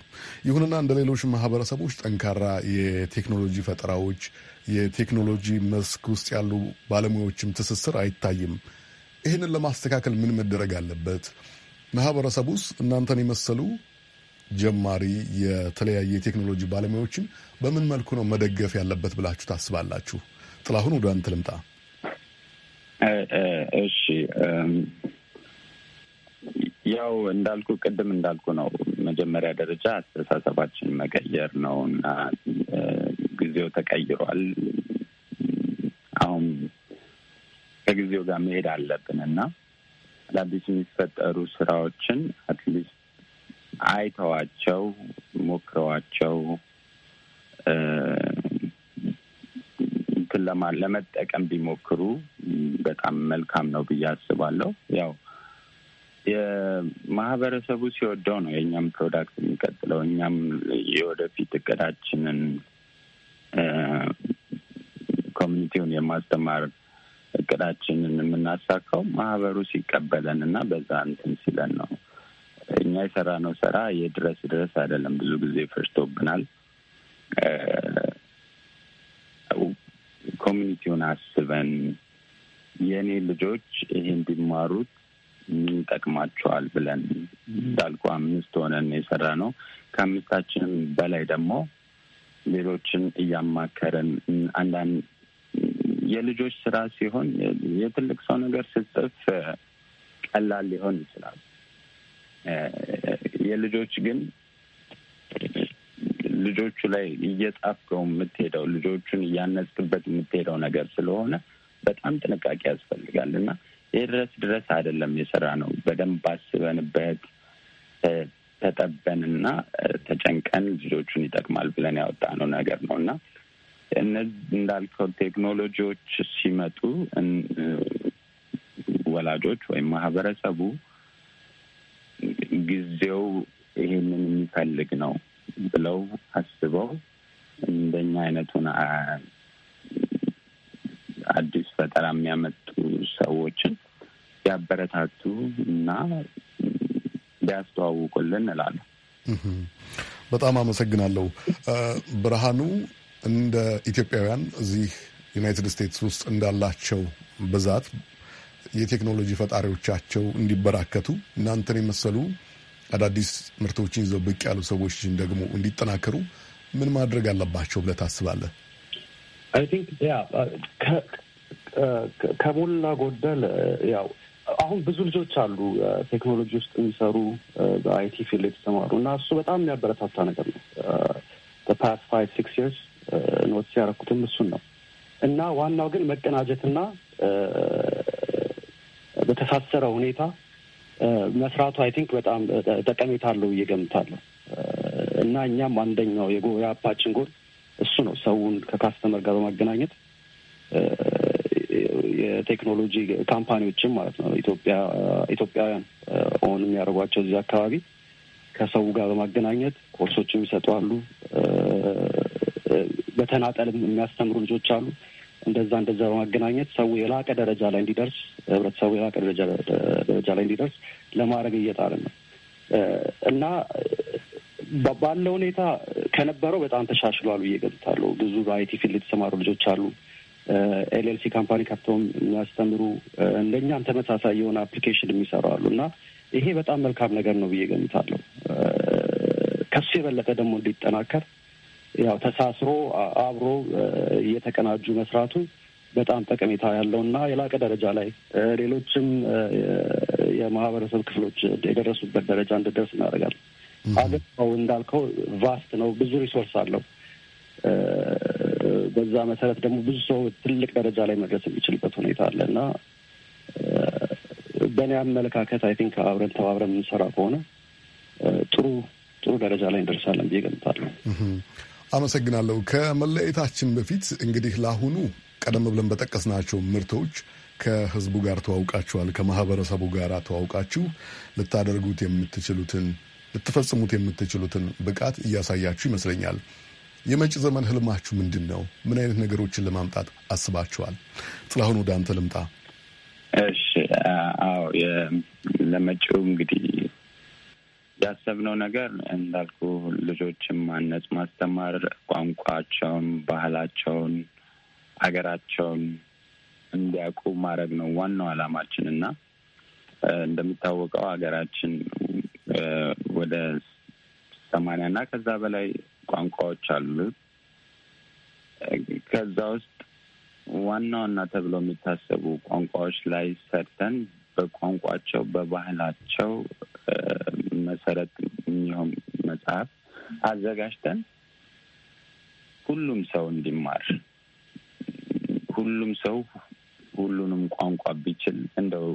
ይሁንና እንደ ሌሎች ማህበረሰቦች ጠንካራ የቴክኖሎጂ ፈጠራዎች፣ የቴክኖሎጂ መስክ ውስጥ ያሉ ባለሙያዎችም ትስስር አይታይም። ይህንን ለማስተካከል ምን መደረግ አለበት? ማህበረሰቡስ ውስጥ እናንተን የመሰሉ ጀማሪ የተለያየ የቴክኖሎጂ ባለሙያዎችን በምን መልኩ ነው መደገፍ ያለበት ብላችሁ ታስባላችሁ? ጥላሁን ወደ አንተ ልምጣ። እሺ ያው እንዳልኩ ቅድም እንዳልኩ ነው። መጀመሪያ ደረጃ አስተሳሰባችን መቀየር ነው እና ጊዜው ተቀይሯል። አሁን ከጊዜው ጋር መሄድ አለብን እና አዳዲስ የሚፈጠሩ ስራዎችን አትሊስት አይተዋቸው፣ ሞክረዋቸው እሱን ለመጠቀም ቢሞክሩ በጣም መልካም ነው ብዬ አስባለሁ። ያው የማህበረሰቡ ሲወደው ነው የእኛም ፕሮዳክት የሚቀጥለው። እኛም የወደፊት እቅዳችንን ኮሚኒቲውን የማስተማር እቅዳችንን የምናሳካው ማህበሩ ሲቀበለን እና በዛ እንትን ሲለን ነው። እኛ የሰራነው ስራ የድረስ ድረስ አይደለም። ብዙ ጊዜ ፈጅቶብናል። ኮሚኒቲውን አስበን የእኔ ልጆች ይሄን ቢማሩት ምን ይጠቅማቸዋል ብለን እንዳልኩ አምስት ሆነን የሰራ ነው። ከአምስታችንም በላይ ደግሞ ሌሎችን እያማከረን አንዳንድ የልጆች ስራ ሲሆን የትልቅ ሰው ነገር ስጽፍ ቀላል ሊሆን ይችላል። የልጆች ግን ልጆቹ ላይ እየጻፍከው የምትሄደው ልጆቹን እያነጽክበት የምትሄደው ነገር ስለሆነ በጣም ጥንቃቄ ያስፈልጋል እና ይህ ድረስ ድረስ አይደለም የሰራ ነው። በደንብ አስበንበት ተጠበንና ተጨንቀን ልጆቹን ይጠቅማል ብለን ነው ነገር ነው እና እነዚህ እንዳልከው ቴክኖሎጂዎች ሲመጡ ወላጆች ወይም ማህበረሰቡ ጊዜው ይሄንን የሚፈልግ ነው ብለው አስበው እንደኛ አይነቱን አዲስ ፈጠራ የሚያመጡ ሰዎችን ያበረታቱ እና ሊያስተዋውቁልን እላለሁ። በጣም አመሰግናለሁ ብርሃኑ። እንደ ኢትዮጵያውያን እዚህ ዩናይትድ ስቴትስ ውስጥ እንዳላቸው ብዛት የቴክኖሎጂ ፈጣሪዎቻቸው እንዲበራከቱ እናንተን የመሰሉ አዳዲስ ምርቶችን ይዘው ብቅ ያሉ ሰዎችን ደግሞ እንዲጠናከሩ ምን ማድረግ አለባቸው ብለህ ታስባለህ? አይ ቲንክ ያ ከሞላ ጎደል ያው አሁን ብዙ ልጆች አሉ ቴክኖሎጂ ውስጥ የሚሰሩ በአይቲ ፊልድ የተሰማሩ እና እሱ በጣም የሚያበረታታ ነገር ነው። በፓስት ፋይቭ ሲክስ ይርስ ኖትስ ሲያረኩትም እሱን ነው እና ዋናው ግን መቀናጀትና በተሳሰረ ሁኔታ መስራቱ አይ ቲንክ በጣም ጠቀሜታ አለው ብዬ እና እኛም አንደኛው የአፓችን ጎል እሱ ነው። ሰውን ከካስተመር ጋር በማገናኘት የቴክኖሎጂ ካምፓኒዎችም ማለት ነው ኢትዮጵያ ኢትዮጵያውያን ኦን የሚያደርጓቸው እዚህ አካባቢ ከሰው ጋር በማገናኘት ኮርሶችም ይሰጡ አሉ። በተናጠልም የሚያስተምሩ ልጆች አሉ። እንደዛ እንደዛ በማገናኘት ሰው የላቀ ደረጃ ላይ እንዲደርስ ህብረተሰቡ የላቀ ደረጃ ላይ እንዲደርስ ለማድረግ እየጣርን ነው እና ባለው ሁኔታ ከነበረው በጣም ተሻሽሏል ብዬ ገጽታለሁ። ብዙ በአይቲ ፊልድ የተሰማሩ ልጆች አሉ። ኤልኤልሲ ካምፓኒ ከፍተው የሚያስተምሩ እንደኛም ተመሳሳይ የሆነ አፕሊኬሽን የሚሰሩ አሉ እና ይሄ በጣም መልካም ነገር ነው ብዬ ገምታለሁ። ከሱ የበለጠ ደግሞ እንዲጠናከር ያው ተሳስሮ አብሮ እየተቀናጁ መስራቱ በጣም ጠቀሜታ ያለው እና የላቀ ደረጃ ላይ ሌሎችም የማህበረሰብ ክፍሎች የደረሱበት ደረጃ እንድደርስ እናደርጋለን። አገባው እንዳልከው ቫስት ነው፣ ብዙ ሪሶርስ አለው። በዛ መሰረት ደግሞ ብዙ ሰው ትልቅ ደረጃ ላይ መድረስ የሚችልበት ሁኔታ አለ እና በእኔ አመለካከት አይ ቲንክ አብረን ተባብረን የምንሰራ ከሆነ ጥሩ ጥሩ ደረጃ ላይ እንደርሳለን ብዬ ገምታለሁ። አመሰግናለሁ። ከመለያየታችን በፊት እንግዲህ ለአሁኑ ቀደም ብለን በጠቀስናቸው ምርቶች ከህዝቡ ጋር ተዋውቃችኋል። ከማህበረሰቡ ጋር ተዋውቃችሁ ልታደርጉት የምትችሉትን ልትፈጽሙት የምትችሉትን ብቃት እያሳያችሁ ይመስለኛል። የመጪ ዘመን ህልማችሁ ምንድን ነው? ምን አይነት ነገሮችን ለማምጣት አስባችኋል? ጥላሁን ወደ አንተ ልምጣ። እሺ፣ አዎ ለመጪው እንግዲህ ያሰብነው ነገር እንዳልኩ ልጆችን ማነጽ፣ ማስተማር፣ ቋንቋቸውን፣ ባህላቸውን፣ ሀገራቸውን እንዲያውቁ ማድረግ ነው ዋናው አላማችን እና እንደሚታወቀው ሀገራችን ወደ ሰማንያ እና ከዛ በላይ ቋንቋዎች አሉ። ከዛ ውስጥ ዋና ዋና ተብሎ የሚታሰቡ ቋንቋዎች ላይ ሰርተን በቋንቋቸው በባህላቸው መሰረት የሚሆን መጽሐፍ አዘጋጅተን ሁሉም ሰው እንዲማር ሁሉም ሰው ሁሉንም ቋንቋ ቢችል እንደው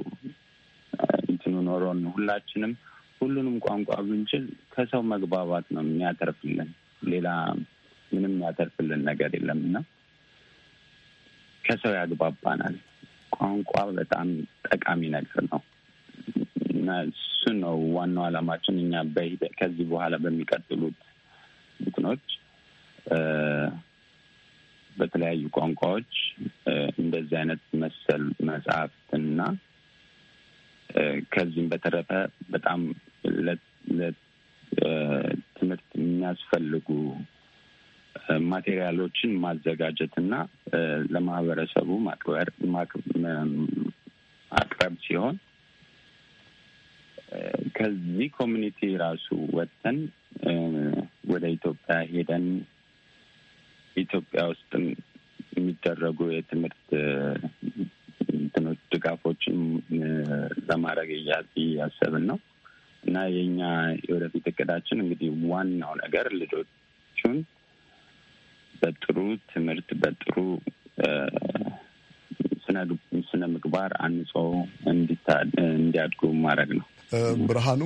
እንትኑ ኖሮን ሁላችንም ሁሉንም ቋንቋ ብንችል ከሰው መግባባት ነው የሚያተርፍልን። ሌላ ምንም የሚያተርፍልን ነገር የለም እና ከሰው ያግባባናል። ቋንቋ በጣም ጠቃሚ ነገር ነው እሱ ነው ዋናው ዓላማችን። እኛ ከዚህ በኋላ በሚቀጥሉት ቡድኖች በተለያዩ ቋንቋዎች እንደዚህ አይነት መሰል መጽሐፍትና ከዚህም በተረፈ በጣም ለትምህርት የሚያስፈልጉ ማቴሪያሎችን ማዘጋጀትና ለማህበረሰቡ ማቅበር ማቅረብ ሲሆን ከዚህ ኮሚኒቲ ራሱ ወጥተን ወደ ኢትዮጵያ ሄደን ኢትዮጵያ ውስጥ የሚደረጉ የትምህርት እንትኖች ድጋፎችን ለማድረግ እያሰብን ነው እና የእኛ የወደፊት እቅዳችን እንግዲህ ዋናው ነገር ልጆች በጥሩ ትምህርት በጥሩ ስነ ምግባር አንጾ እንዲያድጉ ማድረግ ነው። ብርሃኑ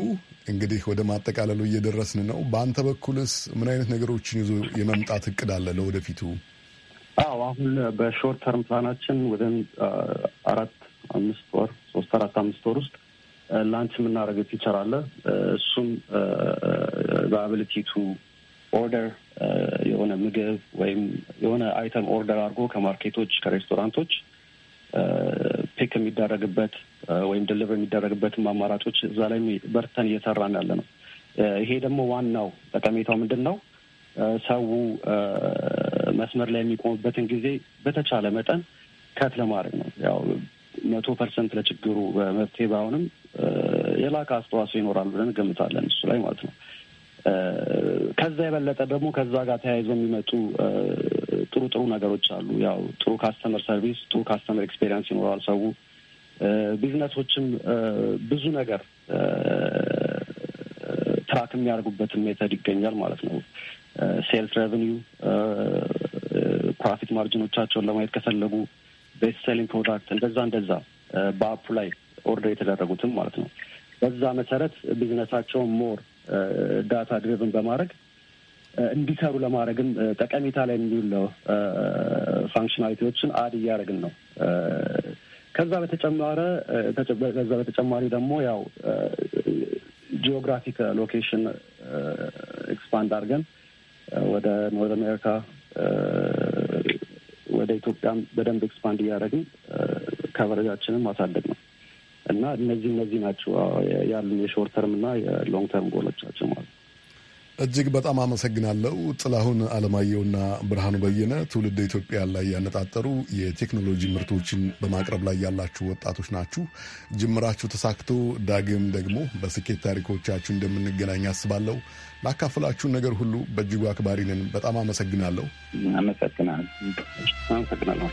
እንግዲህ ወደ ማጠቃለሉ እየደረስን ነው። በአንተ በኩልስ ምን አይነት ነገሮችን ይዞ የመምጣት እቅድ አለ ለወደፊቱ? አዎ አሁን በሾርት ተርም ፕላናችን ወደ አራት አምስት ወር ሶስት አራት አምስት ወር ውስጥ ላንች የምናደርገው ፊቸር አለ። እሱም በአብልቲቱ ኦርደር የሆነ ምግብ ወይም የሆነ አይተም ኦርደር አድርጎ ከማርኬቶች ከሬስቶራንቶች ፒክ የሚደረግበት ወይም ድልቨር የሚደረግበትም አማራጮች እዛ ላይ በርተን እየሰራን ያለ ነው። ይሄ ደግሞ ዋናው ጠቀሜታው ምንድን ነው? ሰው መስመር ላይ የሚቆምበትን ጊዜ በተቻለ መጠን ከት ለማድረግ ነው። ያው መቶ ፐርሰንት ለችግሩ መፍትሄ ባይሆንም የላቀ አስተዋጽኦ ይኖራል ብለን እንገምታለን እሱ ላይ ማለት ነው። ከዛ የበለጠ ደግሞ ከዛ ጋር ተያይዞ የሚመጡ ጥሩ ጥሩ ነገሮች አሉ። ያው ጥሩ ካስተመር ሰርቪስ፣ ጥሩ ካስተመር ኤክስፔሪንስ ይኖረዋል ሰው። ቢዝነሶችም ብዙ ነገር ትራክ የሚያደርጉበትን ሜተድ ይገኛል ማለት ነው። ሴልስ ሬቨኒው፣ ፕሮፊት ማርጅኖቻቸውን ለማየት ከፈለጉ ቤስት ሴሊንግ ፕሮዳክት እንደዛ እንደዛ በአፑ ላይ ኦርደር የተደረጉትም ማለት ነው። በዛ መሰረት ቢዝነሳቸውን ሞር ዳታ ድሪቭን በማድረግ እንዲሰሩ ለማድረግም ጠቀሜታ ላይ የሚውሉ ፋንክሽናሊቲዎችን አድ እያደረግን ነው። ከዛ በተጨማረ ከዛ በተጨማሪ ደግሞ ያው ጂኦግራፊክ ሎኬሽን ኤክስፓንድ አድርገን ወደ ኖርዘርን አሜሪካ ወደ ኢትዮጵያም በደንብ ኤክስፓንድ እያደረግን ከቨረጃችንን ማሳደግ ነው። እና እነዚህ እነዚህ ናቸው ያሉ የሾርት ተርም እና የሎንግ ተርም ጎሎቻቸው ማለት ነው። እጅግ በጣም አመሰግናለሁ። ጥላሁን አለማየሁና ብርሃኑ በየነ ትውልድ ኢትዮጵያ ላይ ያነጣጠሩ የቴክኖሎጂ ምርቶችን በማቅረብ ላይ ያላችሁ ወጣቶች ናችሁ። ጅምራችሁ ተሳክቶ ዳግም ደግሞ በስኬት ታሪኮቻችሁ እንደምንገናኝ አስባለሁ። ላካፍላችሁን ነገር ሁሉ በእጅጉ አክባሪ ነን። በጣም አመሰግናለሁ። አመሰግናለሁ። አመሰግናለሁ።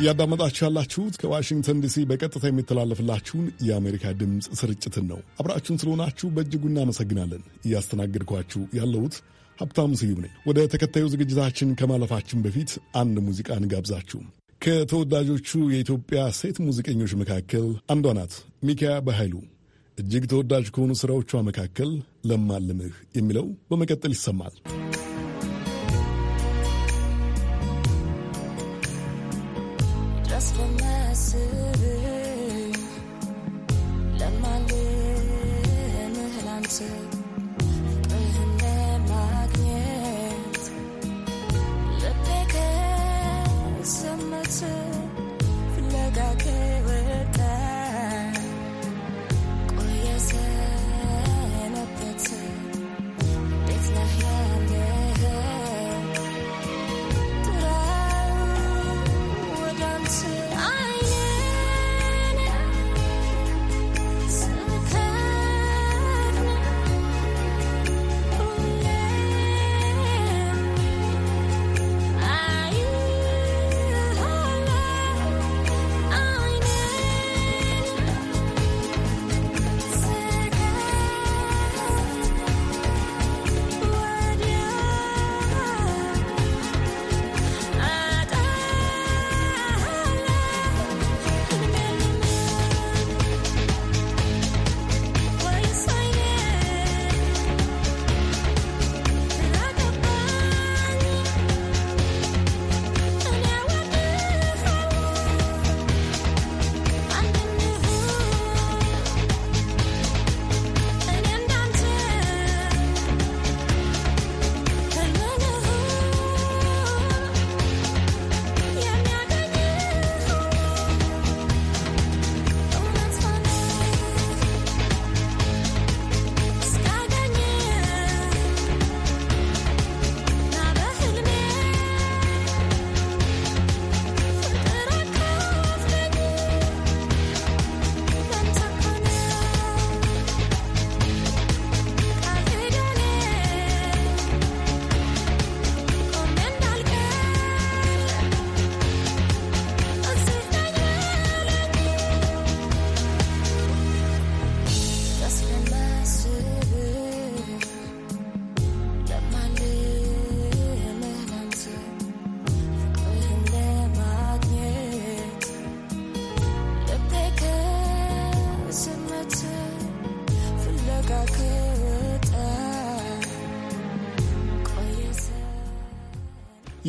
እያዳመጣችሁ ያላችሁት ከዋሽንግተን ዲሲ በቀጥታ የሚተላለፍላችሁን የአሜሪካ ድምፅ ስርጭትን ነው። አብራችሁን ስለሆናችሁ በእጅጉ እናመሰግናለን። እያስተናገድኳችሁ ያለሁት ሀብታም ስዩም ነኝ። ወደ ተከታዩ ዝግጅታችን ከማለፋችን በፊት አንድ ሙዚቃ እንጋብዛችሁ። ከተወዳጆቹ የኢትዮጵያ ሴት ሙዚቀኞች መካከል አንዷ ናት ሚካያ በኃይሉ። እጅግ ተወዳጅ ከሆኑ ሥራዎቿ መካከል ለማልምህ የሚለው በመቀጠል ይሰማል።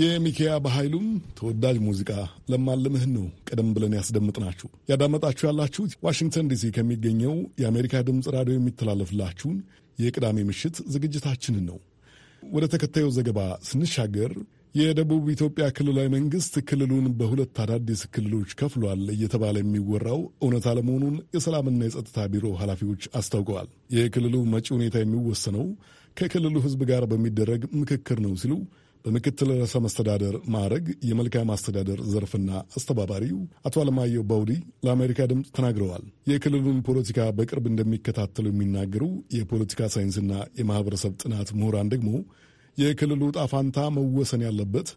የሚኪያ በኃይሉም ተወዳጅ ሙዚቃ ለማልምህ ነው ቀደም ብለን ያስደምጥናችሁ። ያዳመጣችሁ ያላችሁት ዋሽንግተን ዲሲ ከሚገኘው የአሜሪካ ድምፅ ራዲዮ የሚተላለፍላችሁን የቅዳሜ ምሽት ዝግጅታችንን ነው። ወደ ተከታዩ ዘገባ ስንሻገር የደቡብ ኢትዮጵያ ክልላዊ መንግስት ክልሉን በሁለት አዳዲስ ክልሎች ከፍሏል እየተባለ የሚወራው እውነት አለመሆኑን የሰላምና የጸጥታ ቢሮ ኃላፊዎች አስታውቀዋል። የክልሉ መጪ ሁኔታ የሚወሰነው ከክልሉ ሕዝብ ጋር በሚደረግ ምክክር ነው ሲሉ በምክትል ርዕሰ መስተዳደር ማዕረግ የመልካም አስተዳደር ዘርፍና አስተባባሪው አቶ አለማየሁ ባውዲ ለአሜሪካ ድምፅ ተናግረዋል። የክልሉን ፖለቲካ በቅርብ እንደሚከታተሉ የሚናገሩ የፖለቲካ ሳይንስና የማህበረሰብ ጥናት ምሁራን ደግሞ የክልሉ ጣፋንታ መወሰን ያለበት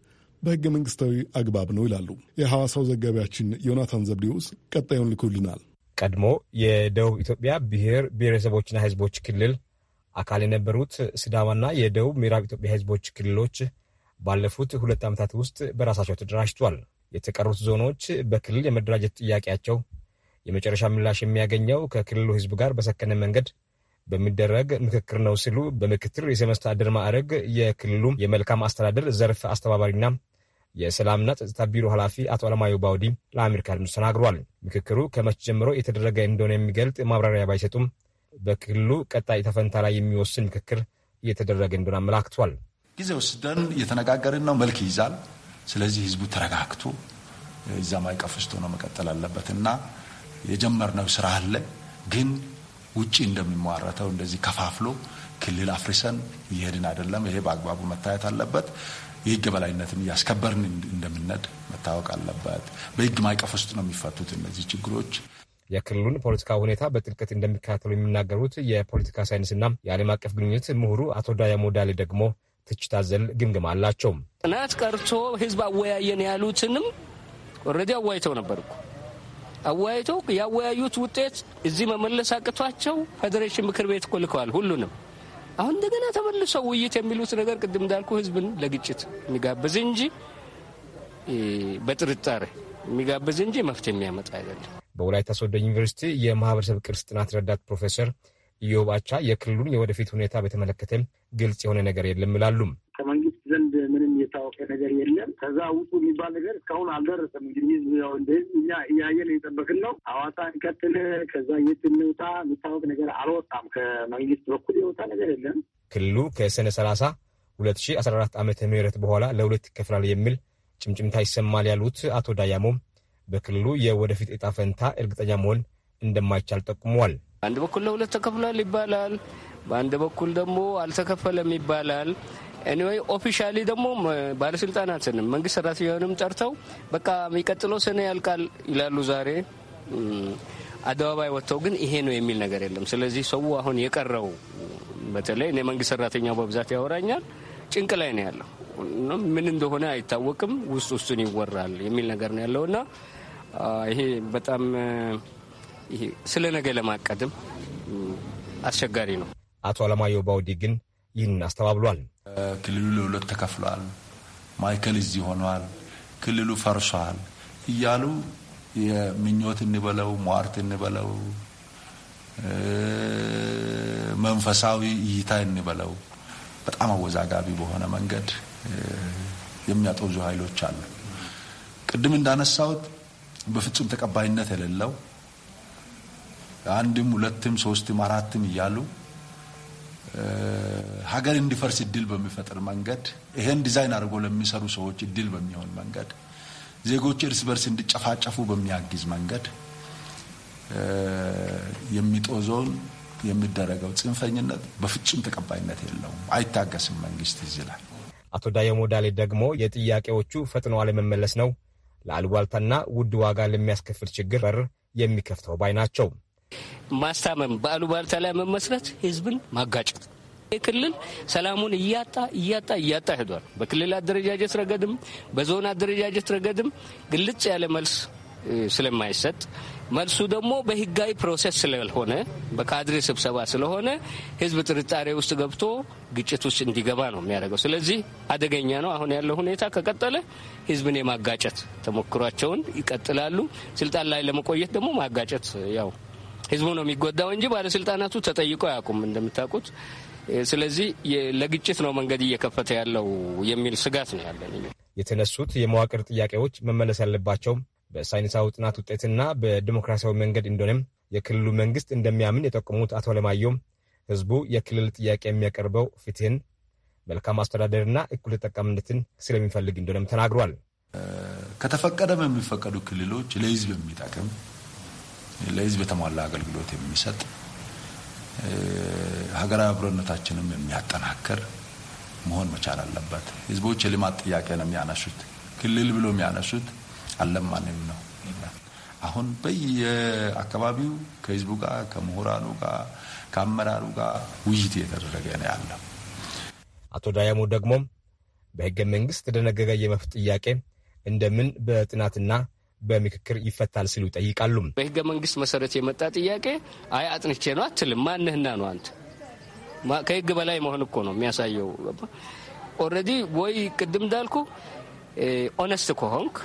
በህገ መንግስታዊ አግባብ ነው ይላሉ። የሐዋሳው ዘጋቢያችን ዮናታን ዘብዴዎስ ቀጣዩን ልኩልናል። ቀድሞ የደቡብ ኢትዮጵያ ብሔር ብሔረሰቦችና ሕዝቦች ክልል አካል የነበሩት ስዳማና የደቡብ ምዕራብ ኢትዮጵያ ህዝቦች ክልሎች ባለፉት ሁለት ዓመታት ውስጥ በራሳቸው ተደራጅቷል። የተቀሩት ዞኖች በክልል የመደራጀት ጥያቄያቸው የመጨረሻ ምላሽ የሚያገኘው ከክልሉ ሕዝብ ጋር በሰከነ መንገድ በሚደረግ ምክክር ነው ሲሉ በምክትል ርዕሰ መስተዳድር ማዕረግ የክልሉ የመልካም አስተዳደር ዘርፍ አስተባባሪና የሰላምና ጸጥታ ቢሮ ኃላፊ አቶ አለማዮ ባውዲ ለአሜሪካ ድምፅ ተናግሯል። ምክክሩ ከመች ጀምሮ የተደረገ እንደሆነ የሚገልጥ ማብራሪያ ባይሰጡም በክልሉ ቀጣይ ተፈንታ ላይ የሚወስን ምክክር እየተደረገ እንደሆነ አመላክቷል። ጊዜ ወስደን እየተነጋገርን ነው። መልክ ይይዛል። ስለዚህ ህዝቡ ተረጋግቶ እዛ ማይቀፍ ውስጥ ሆኖ መቀጠል አለበት እና የጀመርነው ስራ አለ ግን ውጭ እንደሚሟረተው እንደዚህ ከፋፍሎ ክልል አፍርሰን እየሄድን አይደለም። ይሄ በአግባቡ መታየት አለበት። የህግ በላይነትን እያስከበርን እንደምነድ መታወቅ አለበት። በህግ ማይቀፍ ውስጥ ነው የሚፈቱት እነዚህ ችግሮች። የክልሉን ፖለቲካ ሁኔታ በጥልቀት እንደሚከታተሉ የሚናገሩት የፖለቲካ ሳይንስና የዓለም አቀፍ ግንኙነት ምሁሩ አቶ ዳያሞ ዳሌ ደግሞ ትችት አዘል ግምግማ አላቸው። ጥናት ቀርቶ ህዝብ አወያየን ያሉትንም ኦልሬዲ አወያይተው ነበር እኮ አወያይተው ያወያዩት ውጤት እዚህ መመለስ አቅቷቸው ፌዴሬሽን ምክር ቤት እኮ ልከዋል ሁሉንም አሁን እንደገና ተመልሰው ውይይት የሚሉት ነገር ቅድም እንዳልኩ ህዝብን ለግጭት የሚጋብዝ እንጂ በጥርጣሬ የሚጋብዝ እንጂ መፍትሄ የሚያመጣ አይደለም። በወላይታ ሶዶ ዩኒቨርሲቲ የማህበረሰብ ቅርስ ጥናት ረዳት ፕሮፌሰር ኢዮባቻ የክልሉን የወደፊት ሁኔታ በተመለከተ ግልጽ የሆነ ነገር የለም ይላሉም። ከመንግስት ዘንድ ምንም የታወቀ ነገር የለም። ከዛ ውጡ የሚባል ነገር እስካሁን አልደረሰም። እንግዲህ ያው እንደ እኛ እያየን የጠበቅን ነው። አዋሳ እንቀጥል፣ ከዛ የት እንውጣ፣ የሚታወቅ ነገር አልወጣም። ከመንግስት በኩል የወጣ ነገር የለም። ክልሉ ከሰኔ ሰላሳ 2014 ዓመተ ምህረት በኋላ ለሁለት ይከፍላል የሚል ጭምጭምታ ይሰማል ያሉት አቶ ዳያሞም በክልሉ የወደፊት እጣ ፈንታ እርግጠኛ መሆን እንደማይቻል ጠቁመዋል። አንድ በኩል ለሁለት ተከፍሏል ይባላል፣ በአንድ በኩል ደግሞ አልተከፈለም ይባላል። ኤኒዌይ ኦፊሻሊ ደግሞ ባለስልጣናትንም መንግስት ሰራተኛንም ጠርተው በቃ የሚቀጥለው ሰኔ ያልቃል ይላሉ። ዛሬ አደባባይ ወጥተው ግን ይሄ ነው የሚል ነገር የለም። ስለዚህ ሰው አሁን የቀረው በተለይ እኔ መንግስት ሰራተኛው በብዛት ያወራኛል፣ ጭንቅ ላይ ነው ያለው። ምን እንደሆነ አይታወቅም፣ ውስጥ ውስጡን ይወራል የሚል ነገር ነው ያለው እና ይሄ በጣም ስለ ነገ ለማቀድም አስቸጋሪ ነው። አቶ አለማየሁ ባውዲ ግን ይህንን አስተባብሏል። ክልሉ ለሁለት ተከፍሏል፣ ማይከል እዚህ ሆኗል፣ ክልሉ ፈርሷል እያሉ የምኞት እንበለው ሟርት እንበለው መንፈሳዊ እይታ እንበለው በጣም አወዛጋቢ በሆነ መንገድ የሚያጦዙ ኃይሎች አሉ። ቅድም እንዳነሳሁት በፍጹም ተቀባይነት የሌለው አንድም ሁለትም ሶስትም አራትም እያሉ ሀገር እንዲፈርስ እድል በሚፈጥር መንገድ ይሄን ዲዛይን አድርጎ ለሚሰሩ ሰዎች እድል በሚሆን መንገድ ዜጎች እርስ በርስ እንዲጨፋጨፉ በሚያግዝ መንገድ የሚጦዘውን የሚደረገው ጽንፈኝነት በፍጹም ተቀባይነት የለውም። አይታገስም። መንግስት ይዝላል። አቶ ዳየሞ ዳሌ ደግሞ የጥያቄዎቹ ፈጥኖ አለመመለስ ነው ለአልቧልታና ውድ ዋጋ ለሚያስከፍል ችግር በር የሚከፍተው ባይ ናቸው። ማስታመም፣ በአሉባልታ ላይ መመስረት፣ ህዝብን ማጋጨት ክልል ሰላሙን እያጣ እያጣ እያጣ ሄዷል። በክልል አደረጃጀት ረገድም በዞን አደረጃጀት ረገድም ግልጽ ያለ መልስ ስለማይሰጥ መልሱ ደግሞ በህጋዊ ፕሮሰስ ስለሆነ በካድሬ ስብሰባ ስለሆነ ህዝብ ጥርጣሬ ውስጥ ገብቶ ግጭት ውስጥ እንዲገባ ነው የሚያደርገው። ስለዚህ አደገኛ ነው። አሁን ያለው ሁኔታ ከቀጠለ ህዝብን የማጋጨት ተሞክሯቸውን ይቀጥላሉ። ስልጣን ላይ ለመቆየት ደግሞ ማጋጨት ያው ህዝቡ ነው የሚጎዳው እንጂ ባለስልጣናቱ ተጠይቆ አያውቁም እንደምታውቁት። ስለዚህ ለግጭት ነው መንገድ እየከፈተ ያለው የሚል ስጋት ነው ያለን። የተነሱት የመዋቅር ጥያቄዎች መመለስ ያለባቸው በሳይንሳዊ ጥናት ውጤትና በዲሞክራሲያዊ መንገድ እንደሆነም የክልሉ መንግስት እንደሚያምን የጠቆሙት አቶ ለማየሁ ህዝቡ የክልል ጥያቄ የሚያቀርበው ፍትህን፣ መልካም አስተዳደርና እኩል ተጠቃሚነትን ስለሚፈልግ እንደሆነም ተናግሯል። ከተፈቀደም የሚፈቀዱ ክልሎች ለህዝብ የሚጠቅም ለህዝብ የተሟላ አገልግሎት የሚሰጥ ሀገራዊ አብሮነታችንም የሚያጠናክር መሆን መቻል አለበት። ህዝቦች የልማት ጥያቄ ነው የሚያነሱት። ክልል ብሎ የሚያነሱት አለማንም ነው። አሁን በየአካባቢው ከህዝቡ ጋር፣ ከምሁራኑ ጋር፣ ከአመራሩ ጋር ውይይት እየተደረገ ነው ያለው። አቶ ዳያሞ ደግሞ በህገ መንግስት የተደነገገ የመፍት ጥያቄ እንደምን በጥናትና በምክክር ይፈታል ሲሉ ይጠይቃሉ። በህገ መንግስት መሰረት የመጣ ጥያቄ አይ አጥንቼ ነው አትልም። ማንህና ነው አንተ? ከህግ በላይ መሆን እኮ ነው የሚያሳየው። ኦልሬዲ ወይ ቅድም እንዳልኩ ኦነስት ከሆንክ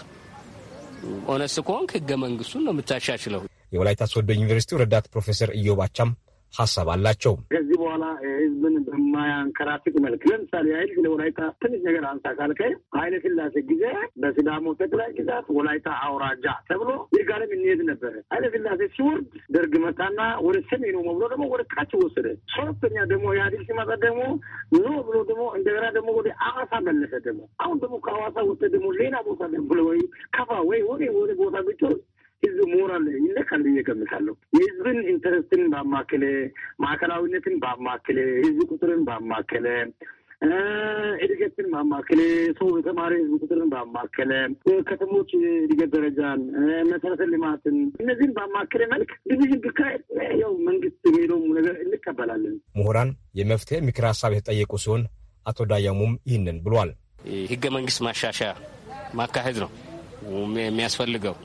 ኦነስት ከሆንክ ህገ መንግስቱን ነው የምታሻሽለው። የወላይታ ሶዶ ዩኒቨርሲቲው ረዳት ፕሮፌሰር እዮባቻም ሀሳብ አላቸው። ከዚህ በኋላ ህዝብን በማያንከራትት መልክ ለምሳሌ ሀይል ስለ ወላይታ ትንሽ ነገር አንሳ ካልከ ኃይለ ስላሴ ጊዜ በሲዳሞ ጠቅላይ ግዛት ወላይታ አውራጃ ተብሎ ይርጋለም እንሄድ ነበረ። ኃይለ ስላሴ ሲወርድ ደርግ መጣና ወደ ሰሜኑ መብሎ ደግሞ ወደ ካች ወሰደ። ሶስተኛ ደግሞ ኢህአዴግ ሲመጣ ደግሞ ኖ ብሎ ደግሞ እንደገና ደግሞ ወደ አዋሳ መለሰ። ደግሞ አሁን ደግሞ ከአዋሳ ወጥተህ ደግሞ ሌላ ቦታ ደግሞ ወይ ከፋ ወይ ወደ ቦታ ብጮ ህዝብ ሞራል ይለካል ብዬ ገምታለሁ። የህዝብን ኢንተረስትን ባማከለ፣ ማዕከላዊነትን ባማከለ፣ ህዝብ ቁጥርን ባማከለ እድገትን ባማከለ ሰው የተማሪ ህዝብ ቁጥርን ባማከለ ከተሞች እድገት ደረጃን መሰረተ ልማትን እነዚህን ባማከለ መልክ ብዙ ብካሄድ ያው መንግስት የሚለውም ነገር እንቀበላለን። ምሁራን የመፍትሄ ምክር ሀሳብ የተጠየቁ ሲሆን አቶ ዳያሙም ይህንን ብሏል። ህገ መንግስት ማሻሻያ ማካሄድ ነው የሚያስፈልገው።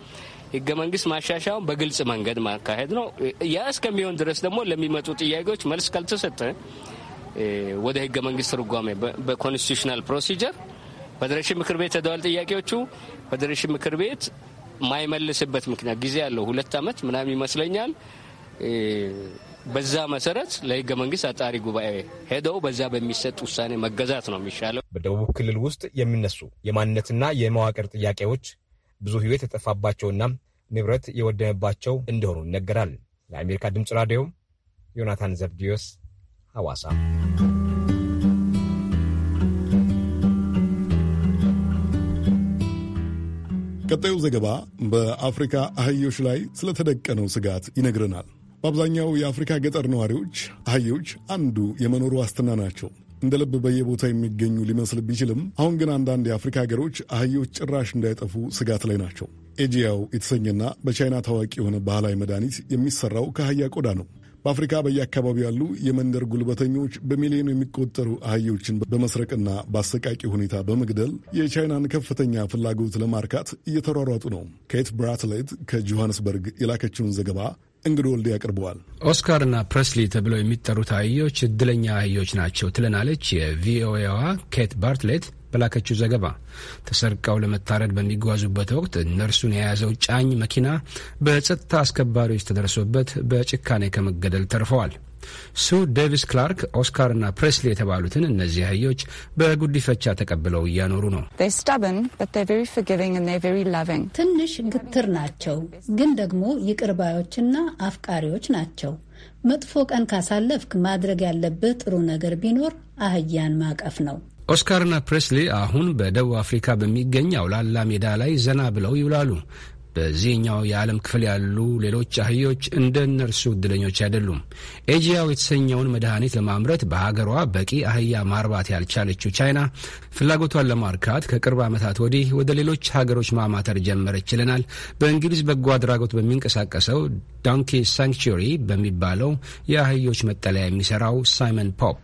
ህገ መንግስት ማሻሻያውን በግልጽ መንገድ ማካሄድ ነው። ያ እስከሚሆን ድረስ ደግሞ ለሚመጡ ጥያቄዎች መልስ ካልተሰጠ ወደ ህገ መንግስት ትርጓሜ በኮንስቲቱሽናል ፕሮሲጀር ፌዴሬሽን ምክር ቤት ሄደዋል ጥያቄዎቹ። ፌዴሬሽን ምክር ቤት ማይመልስበት ምክንያት ጊዜ ያለው ሁለት ዓመት ምናምን ይመስለኛል። በዛ መሰረት ለህገ መንግስት አጣሪ ጉባኤ ሄደው በዛ በሚሰጥ ውሳኔ መገዛት ነው የሚሻለው። በደቡብ ክልል ውስጥ የሚነሱ የማንነትና የመዋቅር ጥያቄዎች ብዙ ህይወት የጠፋባቸውና ንብረት የወደመባቸው እንደሆኑ ይነገራል። ለአሜሪካ ድምፅ ራዲዮ ዮናታን ዘብድዮስ ሐዋሳ። ቀጣዩ ዘገባ በአፍሪካ አህዮች ላይ ስለተደቀነው ስጋት ይነግረናል። በአብዛኛው የአፍሪካ ገጠር ነዋሪዎች አህዮች አንዱ የመኖር ዋስትና ናቸው። እንደ ልብ በየቦታ የሚገኙ ሊመስል ቢችልም አሁን ግን አንዳንድ የአፍሪካ ሀገሮች አህዮች ጭራሽ እንዳይጠፉ ስጋት ላይ ናቸው። ኤጂያው የተሰኘና በቻይና ታዋቂ የሆነ ባህላዊ መድኃኒት የሚሰራው ከአህያ ቆዳ ነው። በአፍሪካ በየአካባቢው ያሉ የመንደር ጉልበተኞች በሚሊዮን የሚቆጠሩ አህዮችን በመስረቅና በአሰቃቂ ሁኔታ በመግደል የቻይናን ከፍተኛ ፍላጎት ለማርካት እየተሯሯጡ ነው። ኬት ብራትሌት ከጆሃንስበርግ የላከችውን ዘገባ እንግዶ ወልደ ያቀርበዋል። ኦስካርና ፕሬስሊ ተብለው የሚጠሩት አህዮች እድለኛ አህዮች ናቸው ትለናለች የቪኦኤዋ ኬት ባርትሌት በላከችው ዘገባ ተሰርቀው ለመታረድ በሚጓዙበት ወቅት እነርሱን የያዘው ጫኝ መኪና በጸጥታ አስከባሪዎች ተደርሶበት በጭካኔ ከመገደል ተርፈዋል። ሱ ዴቪስ ክላርክ ኦስካርና ፕሬስሊ የተባሉትን እነዚህ አህዮች በጉዲፈቻ ተቀብለው እያኖሩ ነው። ትንሽ ግትር ናቸው፣ ግን ደግሞ ይቅርባዮችና አፍቃሪዎች ናቸው። መጥፎ ቀን ካሳለፍክ ማድረግ ያለብህ ጥሩ ነገር ቢኖር አህያን ማቀፍ ነው። ኦስካርና ፕሬስሊ አሁን በደቡብ አፍሪካ በሚገኝ አውላላ ሜዳ ላይ ዘና ብለው ይውላሉ። በዚህኛው የዓለም ክፍል ያሉ ሌሎች አህዮች እንደ እነርሱ ዕድለኞች አይደሉም። ኤጂያው የተሰኘውን መድኃኒት ለማምረት በሀገሯ በቂ አህያ ማርባት ያልቻለችው ቻይና ፍላጎቷን ለማርካት ከቅርብ ዓመታት ወዲህ ወደ ሌሎች ሀገሮች ማማተር ጀመረች ይለናል በእንግሊዝ በጎ አድራጎት በሚንቀሳቀሰው ዶንኪ ሳንክቹሪ በሚባለው የአህዮች መጠለያ የሚሰራው ሳይመን ፖፕ